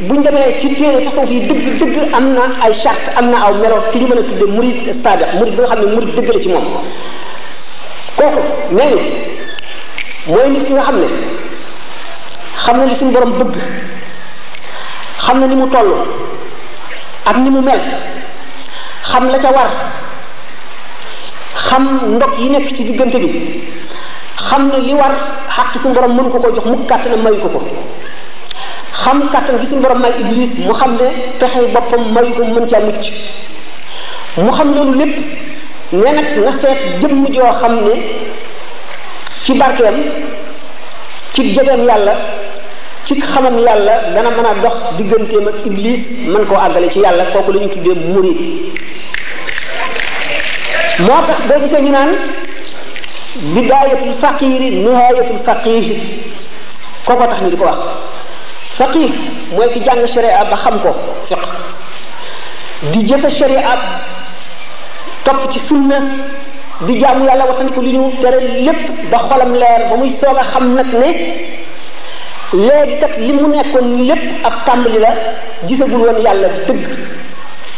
buñ demee ci téere tasawuf yi dëgg dëgg am na ay charte am na aw melo fi ñu mën a tudde murid sadiq murid bi nga xam ne murid dëgg la ci moom kooku nee ni mooy nit ki nga xam ne xam na li suñu borom bëgg xam na ni mu toll ak ni mu mel xam la ca war xam ndog yi nekk ci diggante bi xam ne li war xaq suñu mënu ko ko jox mu kàttanam mayu ko ko xam kàttan bi si borom may Iblis mu xam ne pexe boppam mayu ko mën caa mucc mu xam loolu lépp ne nag na seet jëmm joo xam ne ci barkeem ci jegeem yàlla ci xamam yàlla dana mën a dox digganteem ak Iblis mën koo àggale ci yàlla kooku la ñu tuddee murid moo tax boo gisee ñu naan bidaayatul faqiiri nihaayatul faqiih kooko tax ñu di ko wax faqih mooy ki jàng sharia ba xam ko di jëfe sharia topp ci sunna di jaamu yàlla watan ko li ñu tere lépp ba xolam leer ba muy soog a xam nag ne léegi kat li mu nekkoon lépp ab tàmbali la gisagul woon yàlla dëgg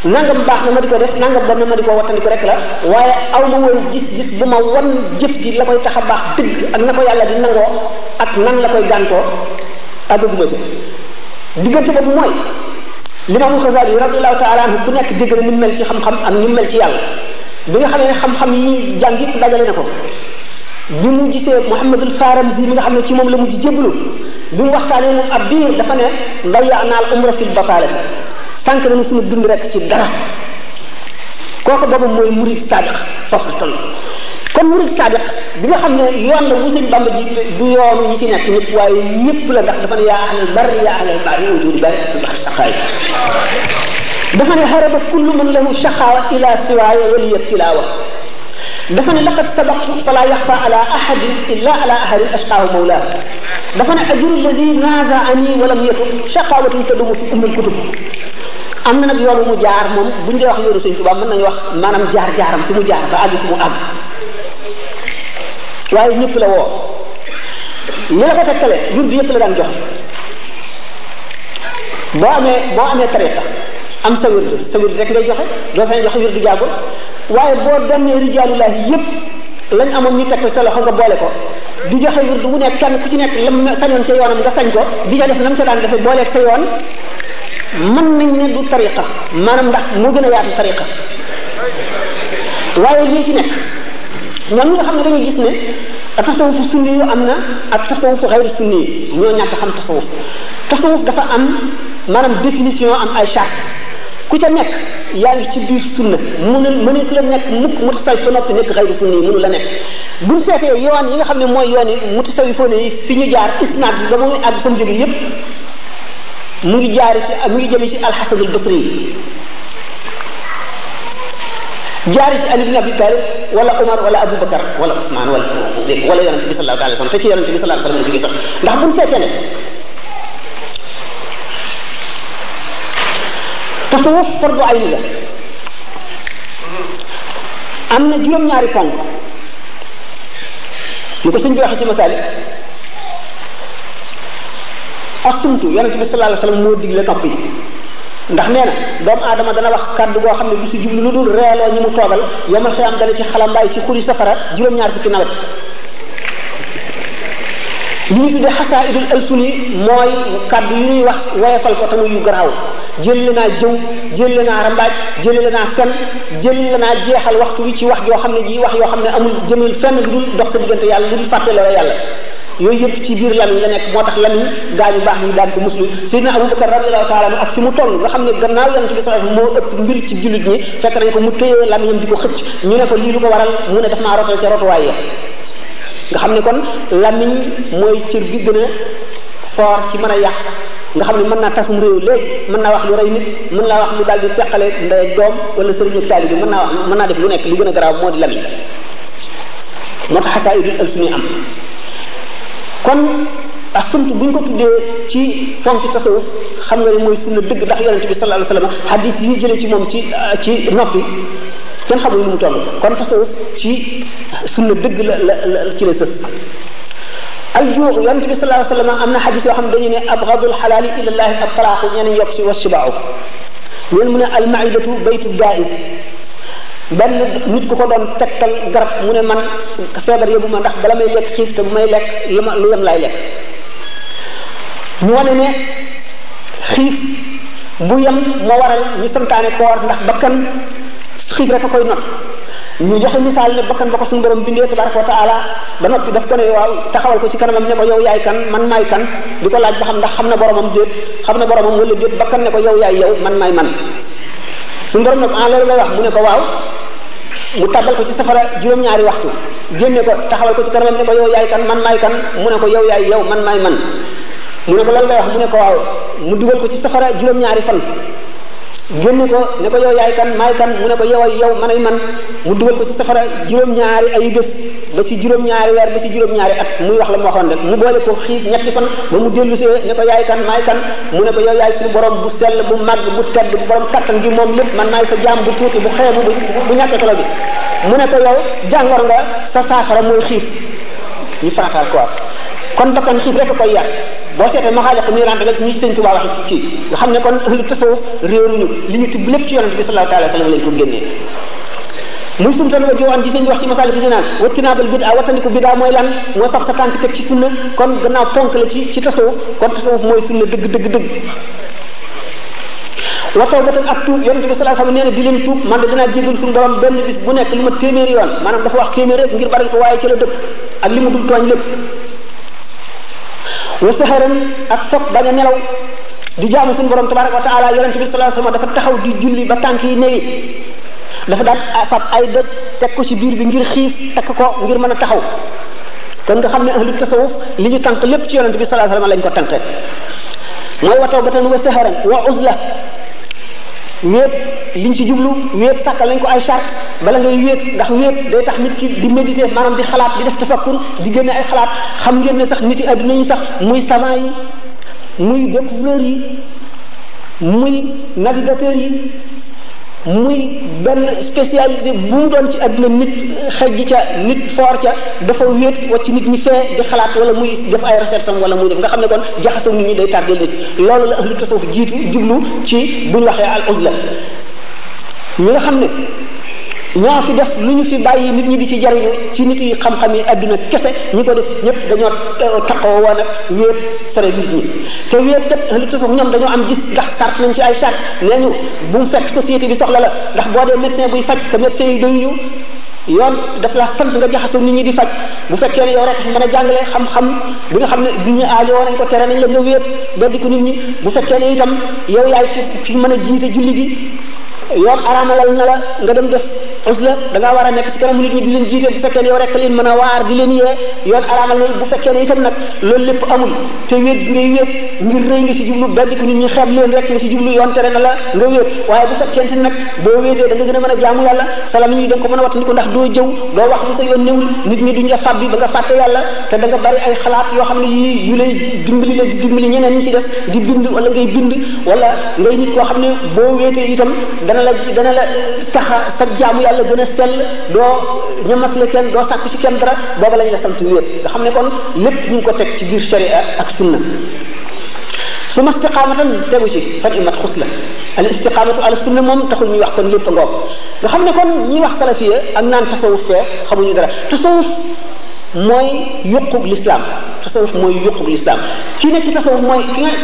nangam baax na ma di ko def nangam bon na ma di ko wattandi rek la waaye aw ma woon gis-gis bu ma wan jëf ji la koy tax a baax dëgg ak na ko yàlla di nangoo ak nan la koy gàntoo àggaguma si diggante boobu mooy limaamul Xasaali radiyallahu taala anhu ku nekk dégg na ni ci xam-xam am ni mu ci yàlla bi nga xamee ne xam-xam yi jàng yëpp dajale na ko bi mu gisee Muhammadul Faramzi mi nga xam ne ci moom la mujj jébbalu bi mu waxtaanee moom ab diir dafa ne dayya naal umra fil batalati sànq nañu suñu dund rek ci dara kooku boobu mooy murid sadiq foofu la toll kon murid saadiq bi nga xam ne yoon la wu sëñ Bamba ji du yoonu ñi ci nekk ñëpp waaye ñëpp la ndax dafa ne yaa ahlal barri yaa ahlal bahri wujuudi bari bahri saqaay dafa ne haraba kullu man lahu shaqaawa ila siwaaya waliya tilaawa dafa ne laqad sabaqtu fala yaxfa ala ahadin illa ala ahadin ashqaahu mawlaa dafa ne ajru alladi naaza ani walam yakun shaqaawatun tadumu fi ummil kutub am na nag yoon wu mu jaar moom buñ dee wax yoonu sëñ Tuubaa mën nañu wax maanaam jaar jaaram fi mu jaar ba àgg fi mu àgg waaye ñëpp la woo li la ko tegtale jur gi yëpp la daan joxe boo amee boo amee tariqa am sa wird sa wird rek ngay joxe doo sañ joxe wird jàggul waaye boo donnee rijaalullahi yëpp lañ amoon ñu teg ko sa loxo nga boole ko di joxe wird wu nekk kenn ku ci nekk lam sañoon sa yoonam nga sañ ko di ca def nam sa daan defe booleeg sa yoon mën nañ ne du tariqa maanaam ndax moo gën a yaatu tariqa waaye lii ci nekk ñoom ñi nga xam ne dañuy gis ne tasawufu sunni yu am na ak tasawufu xayru sunni yi ñoo ñàkk xam tasawuf tasawuf dafa am maanaam définition am ay charte ku ca nekk yaa ngi ci biir sunna mënul mënul la nekk mukk mutasawif ba noppi nekk xayru sunni yi mënu la nekk buñ seetee yoon yi xam ne mooy yoon yi mutasawifoon yi fi ñu jaar isnaad bi ba muy àgg fa mu jóge yépp mu ngi jaari ci mu ngi jëme ci alxasanul basri jaari ci ali bin abi talib wala omar wala aboubacar wala ousmane wala dégg wala yonente bi sallallahu alayhi wasallam te ci yonente bi sallallahu alayhi wasallam la jóge sax ndax buñ fekkee ne tasawuf fardu ayni la am na juróom-ñaari ponk ñu ko sëñ bi waxee ci masaali asumtu yonente bi sallallahu alayhi wasallam moo digle nopp yi ndax nee na doomu aadama dana wax kàddu goo xam ne du si jublu lu dul reeloo ñi mu toogal yomal xëy am dana ci xalambaay ci xuri safara juróom-ñaar fukki nawet li ñu tuddee xasaa idul alsuni mooy kàddu yu ñuy wax woyefal ko tamu yu garaaw la naa jëw jël naa rambaaj jël naa fen jël naa jeexal waxtu wi ci wax joo xam ne ji wax yoo xam ne amul jëmul fenn lu dul dox sa diggante yàlla lu dul fàtteloo yàlla yooyu yëpp ci biir lamiñ la nekk moo tax lamiñ gaa ñu baax ñi daan ko muslu Seydina Abubakar radiyallahu taala anhu ak fi mu toll nga xam ne gannaaw yonent bi moo ëpp mbir ci jullit ñi fekk nañ ko mu téye lamiñam di ko xëcc ñu ne ko lii lu ko waral mu ne daf maa nga xam ne kon lamiñ mooy cër bi gën a foor ci mën a yàq nga xam ne mën naa tasum réew léegi mën naa wax lu rey nit mën naa wax lu daal di teqale ndey ak doom wala sëriñ ak taalibe mën naa wax mën naa def lu nekk li gën a garaaw moo di lamiñ moo tax xasaa idul al suñuy am kon assumt bu ñu ko tuddee ci fonk tasawuf xam nga ne mooy sunna dëgg ndax yonente bi sallallahu alayhi wasallam hadis yi ñu jëlee ci moom ci ci noppi kenn xamul nu mu toll kon tasawuf ci sunna dëgg la la ci la sës aljuu yonente bi sallallahu alayhi wasallam am na hadis yoo xam dañu ne abgadul xalaali ilallahi ab talaaqu ñeneen yokk si was sibaaw ñeen mu ne almaidatu baytu daa benn nit ku ko doon tegtal garab mu ne man feebar yóbbu ma ndax bala may lekk xiif te bu may lekk lu yem laay lekk ñu wane ne xiif bu yem moo waral ñu santaane koor ndax bakkan xiif rek a koy not ñu joxe misaal ne bakkan ba ko suñu borom bindee tabaraka wa taala ba noppi daf ko ne waaw taxawal ko ci kanamam ne ko yow yaay kan man maay kan di ko laaj ba xam ndax xam na boromam déet xam na boromam bakkan ne ko yow yaay yow man maay man suñu borom nag en wax mu ne mu tàbbal ko ci safara juróom-ñaari waxtu génne ko taxawal ko ci kanamam ne ko yow yaay kan man maay kan mu ne ko yow yaay yow man maay man mu ne ko lan ngay wax mu ne ko waaw mu dugal ko ci safara juróom-ñaari fan yónni ko ne ko yow yaay kan maay kan mu ne ko yow ay man ay man mu dugal ko si safara juróom-ñaari ay bés ba ci juróom-ñaari weer ba ci juróom-ñaari at muy wax la mu waxoon rek mu boole ko xiif ñetti fan ba mu dellu see ne ko yaay kan maay kan mu ne ko yow yaay suñu borom bu sell bu mag bu tedd bu borom kattan gi moom lépp man maay sa jaam bu tuuti bu xeebu bu bu ñàkk solo bi mu ne ko yow jàngor nga sa saafara mooy xiif ñu farataal ko kon bakkan xiif rek koy yar boo seetee maxaaliq miiraan da nga ci ñi nga xam ne kon li lépp ci yonent bi sallallahu alayhi wa sallam lañ ko génnee muy sum tan wa jowaan ji sëñ wax ci masali bi si naan wattinaabal bidaa wattandiku bidaa mooy lan mooy fab sa tànk mooy sunna dëgg dëgg dëgg wa tawbatan ak bi sallallahu alayhi wasallam nee na di leen tuub man de borom benn bis bu nekk li ma téeméeri yoon maanaam dafa wax téeméer rek ngir baral ko waaye ci la dëkk ak li mu dugg tooñ lépp wa saxaran ak foog bañ a nelaw di jaamu suñu borom tabaraka wa taala yonente bi sallallahu alayhi wasallam dafa taxaw di julli ba tànk yi néewi dafa daan fab ay doj teg ko ci biir bi ngir xiif takk ko ngir mën a taxaw kon nga xam ne ahlu tasawuf li ñu tànk lépp ci yonente bi sallallahu alayhi wasallam lañ ko tànkee mooy wa tawbatan wa wa uzla wéet liñ ci jublu wéet sàkkal lañ ko ay charte bala ngay wéet ndax wéet day tax nit ki di méditer maanaam di xalaat di def tafakkur di génne ay xalaat xam ngeen ne sax nit yi adduna yi sax muy savant yi muy découvreur yi muy navigateur yi muy benn spécialisé bu mu doon ci àdduna nit xejj ca nit foor ca dafa wéet ci nit ñi fee di xalaat wala muy def ay recherche am wala muy def nga xam ne kon jaxasaw nit ñi day tardé nit loolu la ahlu tasawuf jiitu jublu ci buñ waxee al uzla ñi nga xam ne ñoo fi def lu ñu fi bàyyi nit ñi bi ci jariñu ci nit yi xam-xam yi adduna kese ñi ko def ñëpp dañoo euh, taxaw woon ak wéet sore nit ñi te wéet kat li tax ñoom dañoo am gis ndax sart nañ ci ay sart nee ñu bu mu fekk bi soxla la ndax boo dee médecin buy faj te médecin yoon daf la sant nga jaxasoo nit ñi di faj bu fekkee ne yow rek mën a jàngale xam-xam bi nga xam ne du ñu aajowoo nañ ko tere nañ la nga wéet beddi ko nit ñi bu fekkee ne tam yow yaay fi fi mën a jiite julli gi yoon araamalal na la nga dem def uzla da ngaa war a nekk ci kanamu nit ñi di leen jiite bu fekkee ne yow rek leen mën a waar di leen yee yoon araamal bu fekkee si jublu benn ku nit ñi xeeb leen rek na la nga wéet waaye bu fekkente nag boo wéetee gën a mën a jaamu yàlla salam yi da nga ko mën a wattandiku ndax doo jëw doo wax lu sa yoon newul nit ñi duñ la fàbbi ba nga fàtte yàlla te da bari ay xalaat yoo xam ne yii yu lay dimbali la di li ñeneen ñi si des di bind wala ngay bind wala ngay nit koo xam ne boo wéetee itam dana dana la dana la taxa sa jaamu yàlla la a sell doo ñamas la kenn doo sàkku ci kenn dara booba lañ la sant wéet nga xam ne kon lépp ñu ngi ko teg ci biir sharia ak sunna su ma istiqaamatan tegu ci fan imat xus la al istiqaamatu al sunna moom taxul ñuy wax kon lépp ngoog nga xam ne kon ñi wax salafiya ak naan tasawuf fee xamuñu dara tasawuf mooy yuqub lislaam tasawuf mooy yuqub lislaam ki ne ci tasawuf mooy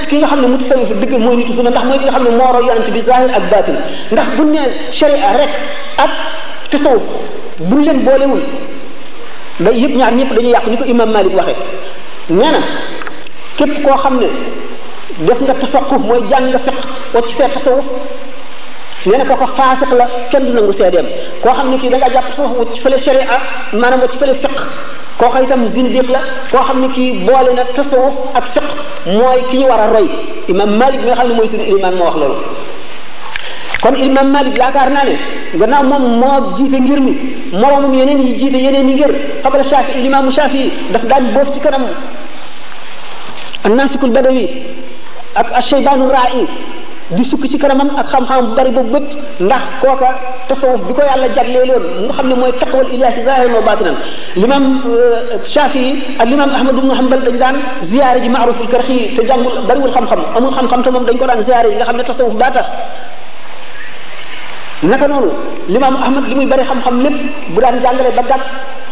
ki nga xam ne mu tasawuf dëgg mooy nitu sunna ndax mooy ki nga xam ne mooroo yonent bi zahir ak baatin ndax buñ nee sharia rek ak tasawuf buñ leen boolewul day yëpp ñaar ñëpp dañuy yàqu ni ko imam malik waxee nee na képp koo xam ne def nga tafaquh mooy jàng nga fiq wa ci fee tasawuf nee na kooka faasiq la kenn du nangu seedeem koo xam ne kii da ngaa jàpp sax wut ci fële sharia maanaam wut ci fële fiq kooka zindiq la koo xam ne kii boole na tasawuf ak fiq mooy ki ñu war a roy imam malik bi nga xam ne mooy suñu ilimaan moo wax loolu kon imam malik yaakaar naa ne gannaaw moom moo jiit ngir mi moroomam yeneen yi jiite yeneen yi ngir xabala shafii imaamu shafii daf daan boof ci kanam annasikul badawi ak ashaybaanu rai di sukk ci kanamam ak xam-xam bu bari boobu bépp ndax kooka tasawuf bi ko yàlla jagleeloon nga xam ne mooy taqwal ilaahi zahiran wa batinan limam euh, Shafii ak limam Ahmad ibn Hanbal dañ daan ziyaare ji Ma'ruf al-Karxi te jàngul bariwul xam-xam amul xam-xam te moom dañ ko daan ziyaare yi nga xam ne tasawuf baa tax naka noonu limam Ahmad li muy bari xam-xam lépp bu daan jàngale ba gàtt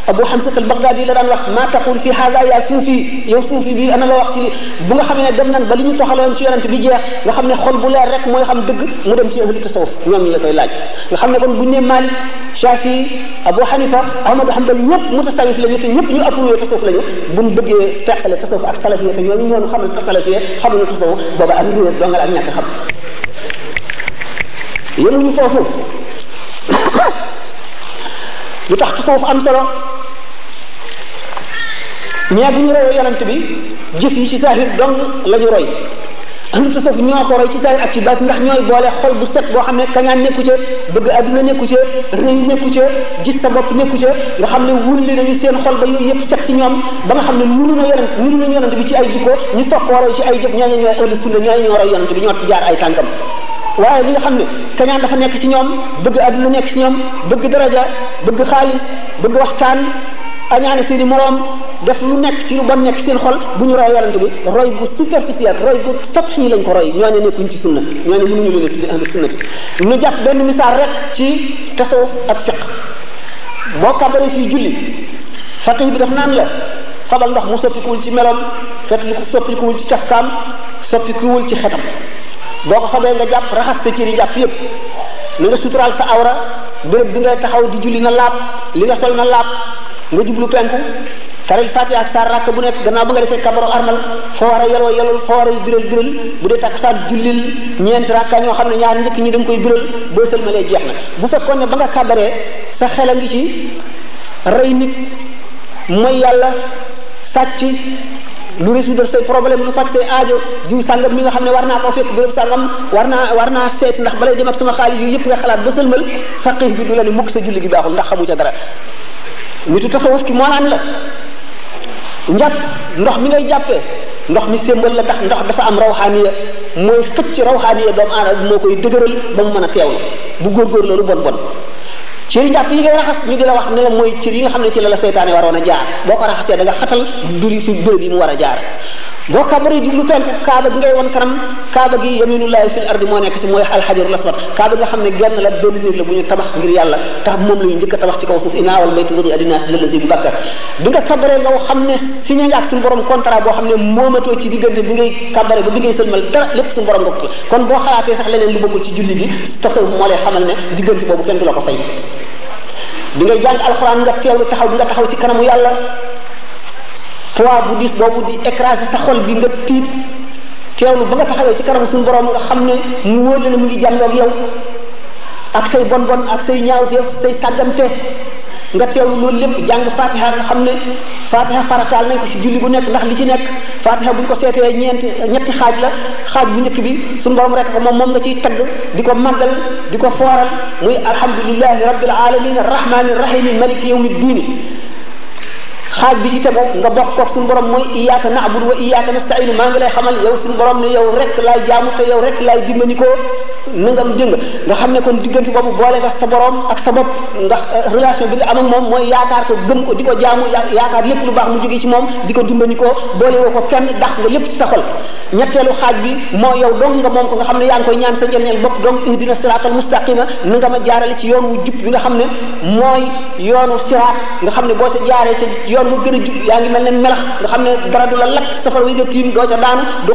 abu xamsat al bagdaadi la daan wax ma taqul fi hada ya suufi yow suufi bi ana la wax ci bu nga xamee ne dem nan ba li ñu toxaloon ci yonent bi jeex nga xam ne xol bu leer rek mooy xam dëgg mu dem ci ahlu tasawuf ñoom la koy laaj nga ne kon buñ ne malik shafii abu xanifa ahmadu hanbal ñëpp mutasawif la la ñu buñ bëggee teqale tasawuf ak salafiyé te ñooñu ñoonu xamal salafiyé xamuñu tasawuf booba ak réer tax am solo ñee bu ñu royee yonent bi jëf yi ci saahir dong la ñu roy ahlu tasawuf ñoo ko roy ci saahir ak ci baat ndax ñooy boole xol bu set boo xam ne kañaan nekku ca bëgg adduna nekku ca rëy nekku ca gis sa bopp nekku ca xam ne wulli nañu seen xol ba yooyu yëpp set ci ñoom ba nga xam ne nuru na yonent nuru nañu yonent bi ci ay jikko ñu soog koo ci ay jëf ñooñu ñooy ahlu sunna ñooñu ñoo roy yonent bi ñoo jaar ay tànkam waaye li nga xam ne kañaan dafa nekk ci ñoom bëgg adduna nekk ci ñoom bëgg daraja bëgg xaalis bëgg waxtaan añaane seeni moroom def lu nekk ci lu ba nekk seen xol bu ñu roy yonent bi roy gu superficiel roy gu satxi lañ ko roy ñooñu nekkuñ ci sunna ñooñu mënuñu leen a tudde ahlu sunnati ñu jàpp benn misaal rek ci tasawuf ak fiq boo kabare fii julli faqih bi daf naan la xabal ndox mu soppikuwul ci meloom fetliku soppikuwul ci cafkaam soppikuwul ci xetam boo ko xamee nga jàpp raxas sa cëri jàpp yépp na nga suturaal sa awra béréb bi nga taxaw di julli na laab li nga sol na nga jublu penku taril fatiha ak saar rakk bu nekk gannaaw ba nga defee kabaro armal foo war a yeloo yelol foo war a biral biral bu dee takk saan jullil ñeenti rakka ñoo xam ne ñaar njëkk ñi da nga koy biral boo jeex na bu fekkoon ne ba nga kabaree sa xel a ngi ci rey nit mooy yàlla sàcc lu résoudre say problème lu faj say mi nga xam ne war naa koo war naa war naa seet ndax balay dem ak sama xaalis yu yëpp nga xalaat ba sëlmal faqih bi du la ne mukk sa julli gi baaxul ndax xamu ca dara nitu tasawuf ki moo naan la njàpp ndox mi ngay jàppee ndox mi sémbal la tax ndox dafa am rawxaaniya mooy xëcc rawxaaniya doomu aadama moo koy dëgëral ba mu mën a teewlu bu góorgóor loolu bon bon cëri njàpp yi ngay raxas ñu di la wax ne mooy cër yi nga xam ne ci la la seytaane waroon a jaar boo ko raxasee da nga xatal duri su bërëb yi mu war a jaar boo kabare jublu penku kaaba gi ngay won kanam kaaba moo nekk si mooy alxajarul xam ne genn la bu ñu tabax ngir yàlla tax moom la ñu njëkk a bi ne signé nga ak boo xam ne moomatoo ci diggante bi ngay kabare ba bi ngay sëlmal dara lépp suñu borom nga kon boo xalaatee sax leneen lu bokkul ci julli gi tasawuf moo lay xamal ne diggante boobu kenn du la ko fay di ngay jàng alxuraan nga teewlu taxaw nga taxaw ci kanamu yàlla poids bu diis boobu di écraser sa xol bi nga tiit teewlu ba nga taxawee ci kanamu suñu borom nga xam ne mu wóor la ne mu ngi jàlloog yow ak say bon bon ak say ñaawteef say sàggante nga teewlu loolu lépp jàng fatiha nga xam ne fatiha taal nañ ko si julli bu nekk ndax li ci nekk bu buñ ko seetee ñeenti ñetti xaaj la xaaj bu njëkk bi su suñu borom rek ko moom moom nga ciy tagg di ko màggal di ko fooral muy alhamdulillahi rabbil alamin arrahmani rahimi maliki yawmi diini xaaj bi ci tegu nga bokk ak suñu borom xam ne kon diggante boobu boole nga sa borom ak sa bopp ndax euh, relation bi nga am ak moom mooy yaakaar ko gëm ko di ko jaamu yaakaar lépp bi moo yow dong nga moom ko nga xam ne yaa ngi ma jaarale ci yoon wu jub bi nga xam ne mooy yoonu sirat nga xam ne boo sa jaaree ci yoon safara moo gën a jub yaa ngi mel ne melax nga xam ne dara du la lakk safara wi nga tiim doo ca daanu du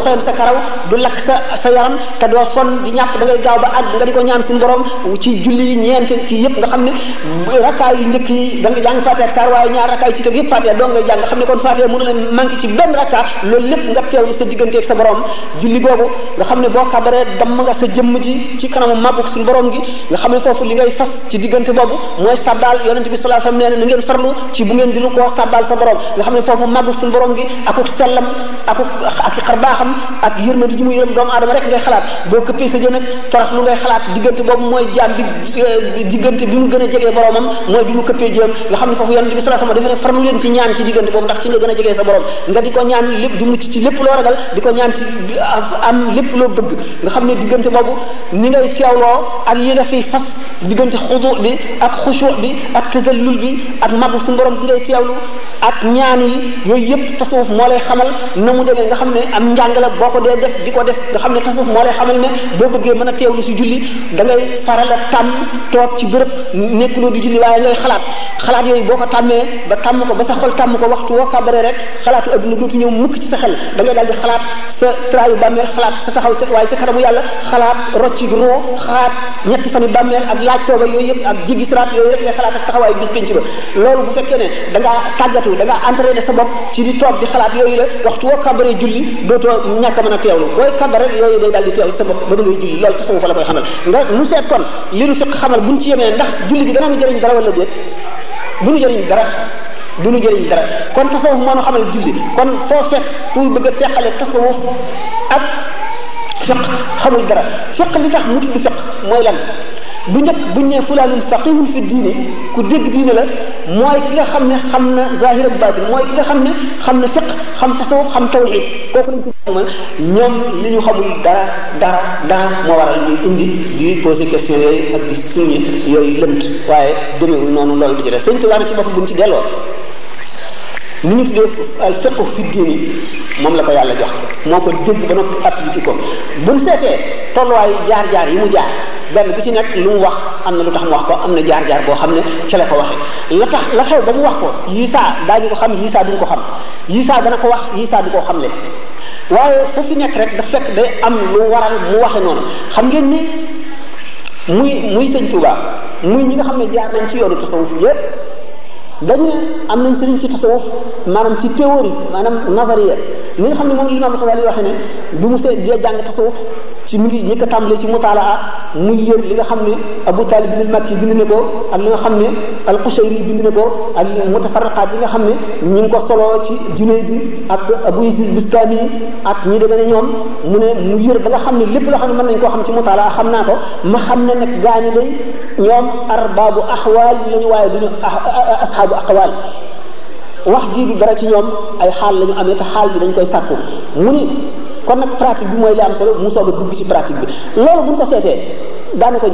ba loolu gi nga xam ne foofu li ngay fas ci diggante boobu mooy sàbbaal yonente bi sallallahu alayhi wasallam na ngeen farlu ci bu ngeen di lu ko sàbbaal suturaal sa borom nga xam ne foofu màggu suñu borom gi akuk sellam akuk ak xar baaxam ak yërmande ji mu yërëm doomu aadama rek ngay xalaat boo diggante boobu euh, a jegee bi mu këppee jëm nga xam ni ngay teewloo ak yi nga fiy fas diggante xudu bi ak xusu bi ak tazallul bi ak màggu suñu borom bi ngay teewlu ak ñaan yi yooyu yëpp tasawuf moo lay xamal na mu demee nga xam ne am njàng la boo ko dee def di ko def nga xam ne tasawuf moo lay xamal ne boo bëggee mën a teewlu si julli da ngay faral a tàmm toog ci bërëb nekkuloo di julli waaye ngay xalaat xalaat yooyu boo ko tàmmee ba tàmm ko ba sa xol tàmm ko waxtu woo kabare rek xalaatu adduna dootu ñëw mukk ci sa xel da ngay daal di xalaat sa trayu bàmmeel xalaat sa taxaw sa waaye sa kanamu yàlla xalaat rocci roo xalaat ñetti fani bàmmeel ak laaj tooba yooyu yëpp ak jigi siraat yooyu yëpp ngay xalaat ak taxawaay bis penc ba loolu bu fekkee ne da tàggatu da nga entraîné sa ci di toog di xalaat yooyu la waxtu woo kabare julli dootoo ñàkk a mën a teewlu booy kabare yooyu day daal di teewlu sa bopp ba da ngay julli loolu tasawuf la koy xamal nga mu seet kon li nu fiq xamal buñ ci yemee ndax julli gi danañu jëriñ dara wala déet du ñu jëriñ dara du ñu jëriñ kon tasawuf moo nu xamal julli kon foo fekk kuy bëgg a teqale tasawuf ak fiq xamul dara fiq li tax mu tudd fiq mooy lan bu njëkk buñ ne fulaanun faqihun fi diine ku dégg diine la mooy ki nga xam ne xam na zahir ak xam ne xam na fiq xam tasawuf xam tawhid kooku lañ ñoom li ñu xamul dara dara dara moo waral ñu indi di poser question yooyu ak di suñu yooyu lënt waaye demeewul noonu loolu di ci def sëñ Tuubaa ci boppam buñ ci delloo li ñu tuddee al fiqhu fi diini moom la ko yàlla jox moo ko dégg ba noppi appliqué ko bu ñu seetee tolluwaayu jaar-jaar yi mu jaar benn bu ci nekk lu mu wax am na lu tax mu wax ko am na jaar-jaar boo xam ne ci la ko waxee la tax la xew ba mu wax ko yisaa daañu ko xam yisaa duñu ko xam yisaa dana ko wax yisaa du ko xam le waaye fu fi nekk rek daf fekk day am lu waral mu waxe noonu xam ngeen ni muy muy sëñ Tuubaa muy ñi nga xam ne jaar nañ ci yoonu tasawuf yépp dañu ne am nañ sëriñ ci tasawuf maanaam ci théorie maanaam nazariya li nga xam ne moom imaam Xasaali waxe ne bi mu see dee jàng tasawuf ci mi ngi ñëkk a tàmbalee ci mutaalaa muy yër li nga xam ne Abu Taalib bin al-Makki bind na ko ak li nga xam ne al-Qushayri bind nga xam ne ñu ngi ko soloo ci Junayd ak Abu Yazid Bistami ak ñi demee ne ñoom mu ne mu ba nga xam ne lépp loo xam man mën nañ koo xam ci mutaalaa xam naa ko ma xam ne nag gaañu day ñoom arbaabu axwaal lañu waaye duñu ah, ah, ah, du aqwaal wax jii du dara ci ñoom ay xaal la ñu amee te xaal bi dañ koy sàkku mu ni kon nag pratique bi mooy li am solo mu soog a dugg ci pratique bi loolu buñ ko seetee daana ko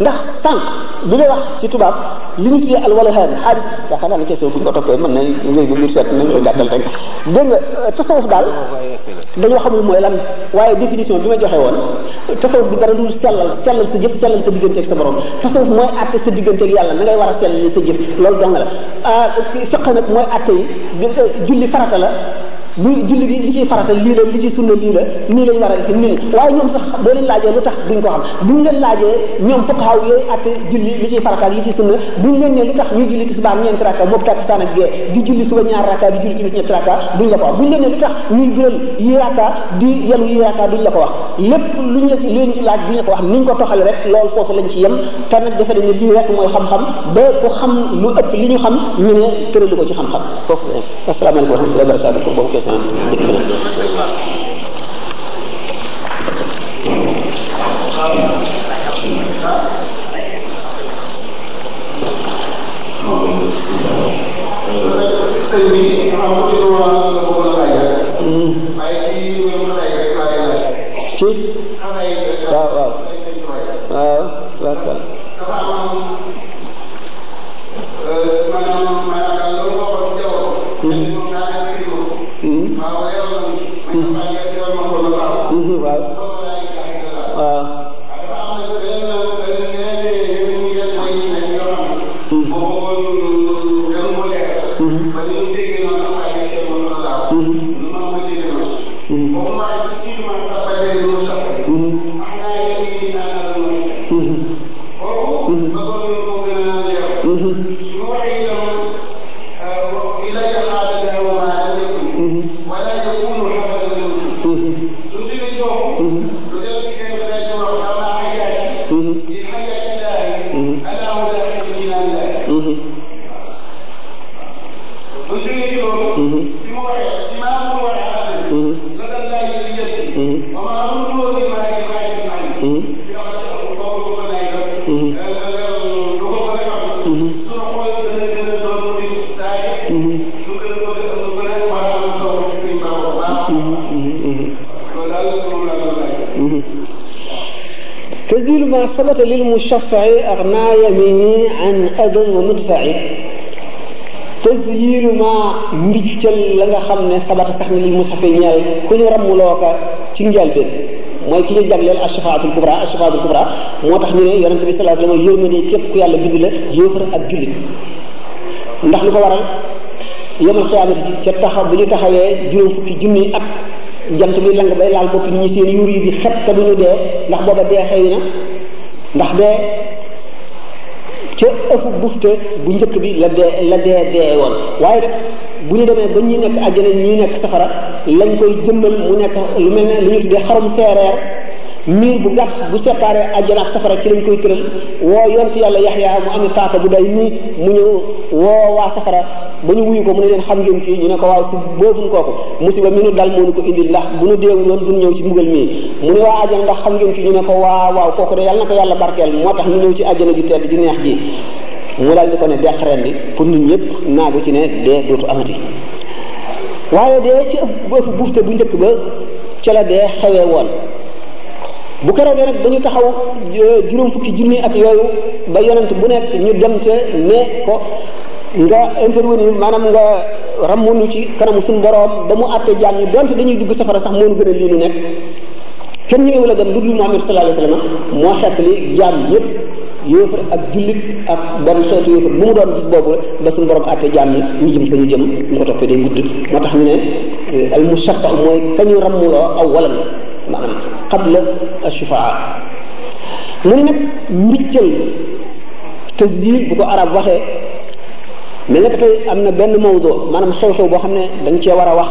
ndax sànq bi may wax ci tubaab li ñu tuddee al wala xaari xaalis yaakaar naa ko toppee mën na ngay ba mbir seet nañ ko gàttal rek dégg nga euh, tasawuf daal dañoo xamul mooy lan waaye définition bi ma joxe woon tasawuf bi dara dul sellal sellal sa jëf sellal sa diggante ak sa borom tasawuf mooy atte sa diggante ak yàlla na ngay war a sellal sa jëf loolu dong la ah, fiq nag mooy atte yi euh, julli farata la lu julli bi li ciy farata lii la li ci sunna lii la nii lañ war a def nii waaye ñoom sax boo leen laajee lu tax duñ ko xam buñ leen laajee ñoom fuqahaw yooyu atte julli li ciy farata yi ci sunna buñ leen lu tax ñuy julli la ko yi rakka di yenu yi rakka duñ la ko wax lépp luñ la ci leen ci laaj duñ la ko wax niñ ko toxale rek loolu foofu lañ ci yem te defe ne lii rek mooy xam-xam ba ku xam lu ëpp li ñu xam ñu ne tëralu ko ci xam-xam cosaan dëkk la sëñ bi am ci lu ma la bëgg a laaj rek waaye ci wéru xay rek laay laaj ci waaw waaw waaw d'accord dafa am maanaam maanaam loolu Mm-hmm. waaw waaw دليل ما ثبت للمشفع أغنى يميني عن أذى ومدفعي تزيين ما mbiccal la nga xam ne sabata sax ni lil musafi ñeel ku ñu rammuloo ka ci njëlbeen mooy ki ñu jagleel ashafaatul kubra ashafaatul kubra moo tax ñu ne yonente bi sallallahu alayhi wasallam yërmande képp ku yàlla bind la yéefar ak jullit ndax lu ko waral yomal xiyaamati ca taxaw bu ñu taxawee juróom fukki junni at jant bi lang bay laal bopp ñu seen yuur yi di xet te duñu dee ndax booba dee xëy na ndax dee ca ëfu bufte bu njëkk bi la dee la dee dee woon waaye nag bu ñu demee ba ñi nekk àjjana ñuy nekk safara lañ koy jëmbal mu nekk lu mel ne lu ñu tuddee xarum seereer miir bu gàtt bu séparé àjjana ak safara ci lañ koy tëral woo yontu yàlla yaxyaa mu amee paaka bu day nii mu ñëw woo waa safara ba ñu wuyu ko mu ne leen xam ngeen kii ñu ne ko waaw si boofuñ kooku musiba mi nu dal moo nu ko indil ndax bu nu deewul woon duñ ñëw ci mbugal mii mu ne waa àjjana ndax xam ngeen kii ñu ne ko waaw waaw kooku de yàlla na ko yàlla moo tax ñu ñëw ci àjjana ju tedd ju neex ji mu daal di ko ne deq ren bi pour nit ñëpp naagu ci ne dee dootu amati waaye dee ci ëpp buuf te bu njëkk ba ci la dee xewee woon bu keroogee nag ba taxaw euh, juróom fukki junni at yooyu ba yonent bu nekk ñu dem ca ne ko nga intervenir maanaam nga rammuñu ci kanamu suñu boroom ba mu àttee jaam ñi donte dañuy dugg safara sax moonu gën a lii nu nekk kenn ñëwewu la gëm lu dul Muhammad sallallahu alayhi wasallam moo xett li ñëpp ak jullit ak bon xeetu yéefar bu mu doon gis boobu ba suñu borom àttee jaam ñi ñu jëm fa ñu jëm ñu ko toppee day gudd moo tax ñu ne euh, al mushatta mooy kañu rammuloo aw walan maanaam qabla ashufaa mu ne nag mbiccal bu ko arab waxee mel na ko am na benn mawdo maanaam xew-xew boo xam ne da nga cee war a wax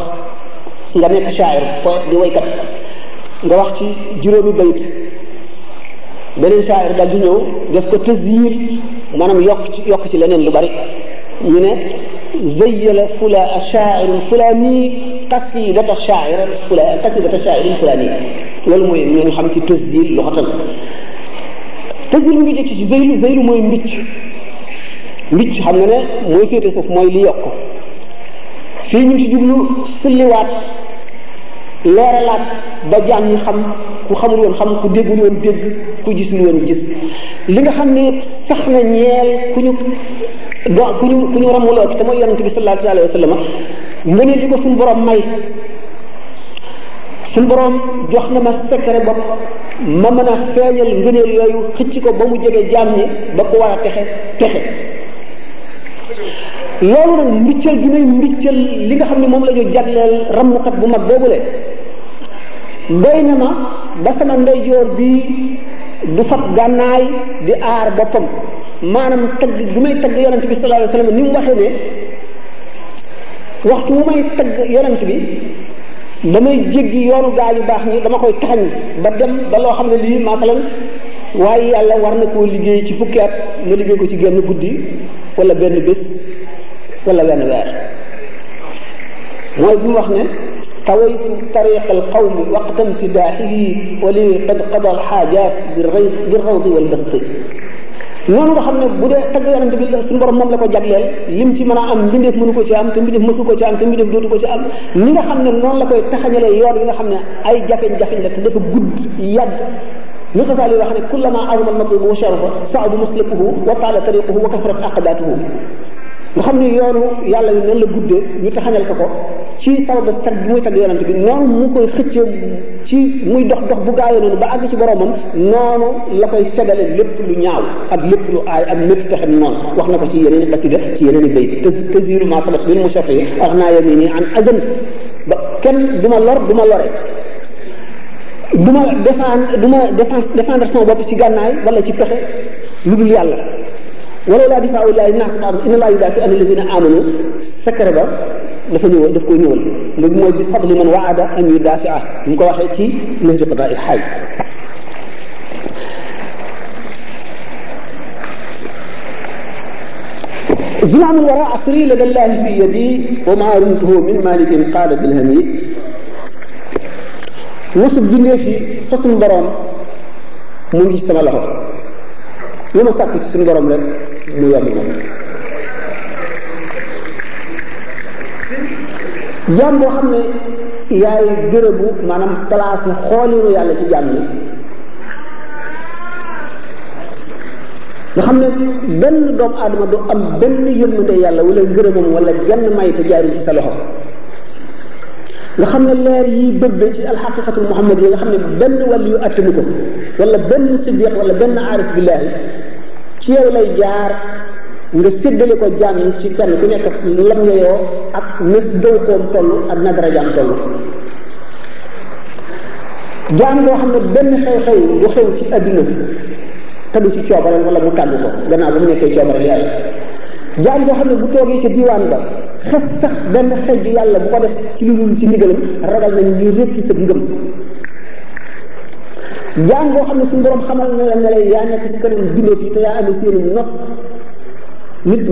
nga nekk shaa'ir poète di waykat nga wax ci juróomi bayit beneen shaa'ir daal di ñëw def ko tasdiir maanaam yokk ci yokk ci leneen lu bari ñu ne zayyala fula ashaa'iru fulaani qasidata a fulaa qasidata shaa'ir fulaani loolu mooy ñu ñu xam ci tasdil loxatal tasdil mu ngi jëkk ci zeylu mooy mbicc mbicc xam nga ne mooy féete suuf mooy li yokk fii ñu ci jublu sulliwaat leeralaat ba jaam ñi xam ku xamul woon xam ku déggul woon dégg ku gisul woon gis li nga xam ne sax na ñeel ku ñu do ku ñu ku ñu ramuloo te mooy yonente bi sallallahu alayhi wa sallam ngëneel li ko suñ borom may suñ borom jox na ma secret bopp ma mën a feeñal ngëneel yooyu xëcc ko ba mu jege jaam ñi ba ko war a texe texe loolu nag mbiccal gi may mbiccal li nga xam ne moom lañu ñu jagleel rammukat bu mag boobule doy na ma ba sama ndeyjoor bii du fab gànnaay di aar boppam maanaam tagg gi may tagg yonent bi sallallahu alayhi wasallam ni mu waxee ne waxtu wu may tagg yonent bi damay jéggi yoonu gaa yu baax ñi dama koy taxañ ba dem ba loo xam ne lii masalan waaye yàlla war na koo liggéey ci fukki at ma liggéey ko ci genn guddi wala benn bés wala benn weer mooy bi mu wax ne tawaytu tariqa alqawmi waqta imtidaaxihi wali qad qada alxaajaat bi rawdi walbasti noonu nga xam ne bu dee tagg yonent bi suñu borom moom la ko jagleel lim ci mën a am mbindeef mënu ko ci am te mbindeef ko ci am te mbindeef dootu ko ci am ni nga xam ne noonu la koy taxañalee yoon yi nga xam ne ay jafeñ-jafeñ la te dafa gudd yàgg li xasaal yi wax ne kullama azama al matlubu wa sharafa sa'aba maslakuhu wa taala tariquhu wa kasarat aqabatuhu nga xam ne yoonu yàlla yu noonu la guddee ñu taxañal ko ko ci sababu tag bi muy tag yonante bi noonu mu koy xëccee ci muy dox dox bu gaawee noonu ba àgg ci boromam noonu la koy fegale lépp lu ñaaw ak lépp lu aay ak lépp pexem noonu wax na ko ci yeneen i xasida ci yeneen i bayt te te jiiru maa sabas bil mushafi wax naa yéen nii an azan ba kenn du ma lor du ma lore du ma défendre du ma défendre sama bopp ci gànnaay wala ci pexe lu yàlla wala laa difaawu laahi naas ba inna laa yudaafi an alladina amanu sakara ba dafa ñëwal daf koy ñëwal léegi mooy bi fadli man waada an yudaafi'a mu ko waxee ci nahju qadaa'il haaj زمام الوراء عصري لدى الله في يدي وما رمته من مالك قال بالهني وصف dundee fi fa suñu boroom mu ngi sama loxo lu ma sàkk ci suñu boroom rek mu yomb moom jaam boo xam ne yaay gërëbu maanaam place yu xooliru yàlla ci jaam yi nga xam ne benn doomu aadama du am benn yërmande yàlla wala gërëmam wala genn may te jaarul ci sa loxo nga xam ne leer yi bëgg ci alxaqiqatu muhammad yi nga xam ne benn wàll yu attanu ko wala benn siddiq wala benn aarif billaahi ci yow lay jaar nga séddale ko jaam yi ci kenn ku nekk lam yeyoo ak na dëw koom toll ak na dara jaam toll boo xam ne benn xew-xew du xew ci adduna bi te du ci coobaral wala mu tàgg ko gannaaw ba mu nekkee coobaral yàlla jaam boo xam ne bu toogee ca diwaan ba xef sax benn xejju yàlla bu ko def ci lu dul ci ndigalam ragal nañ ñu rëcc sa ngëm jaam boo xam ne suñu borom xamal na la ne la yaa nekk ci kanam bindéef yi te yaa amee seeni nopp nit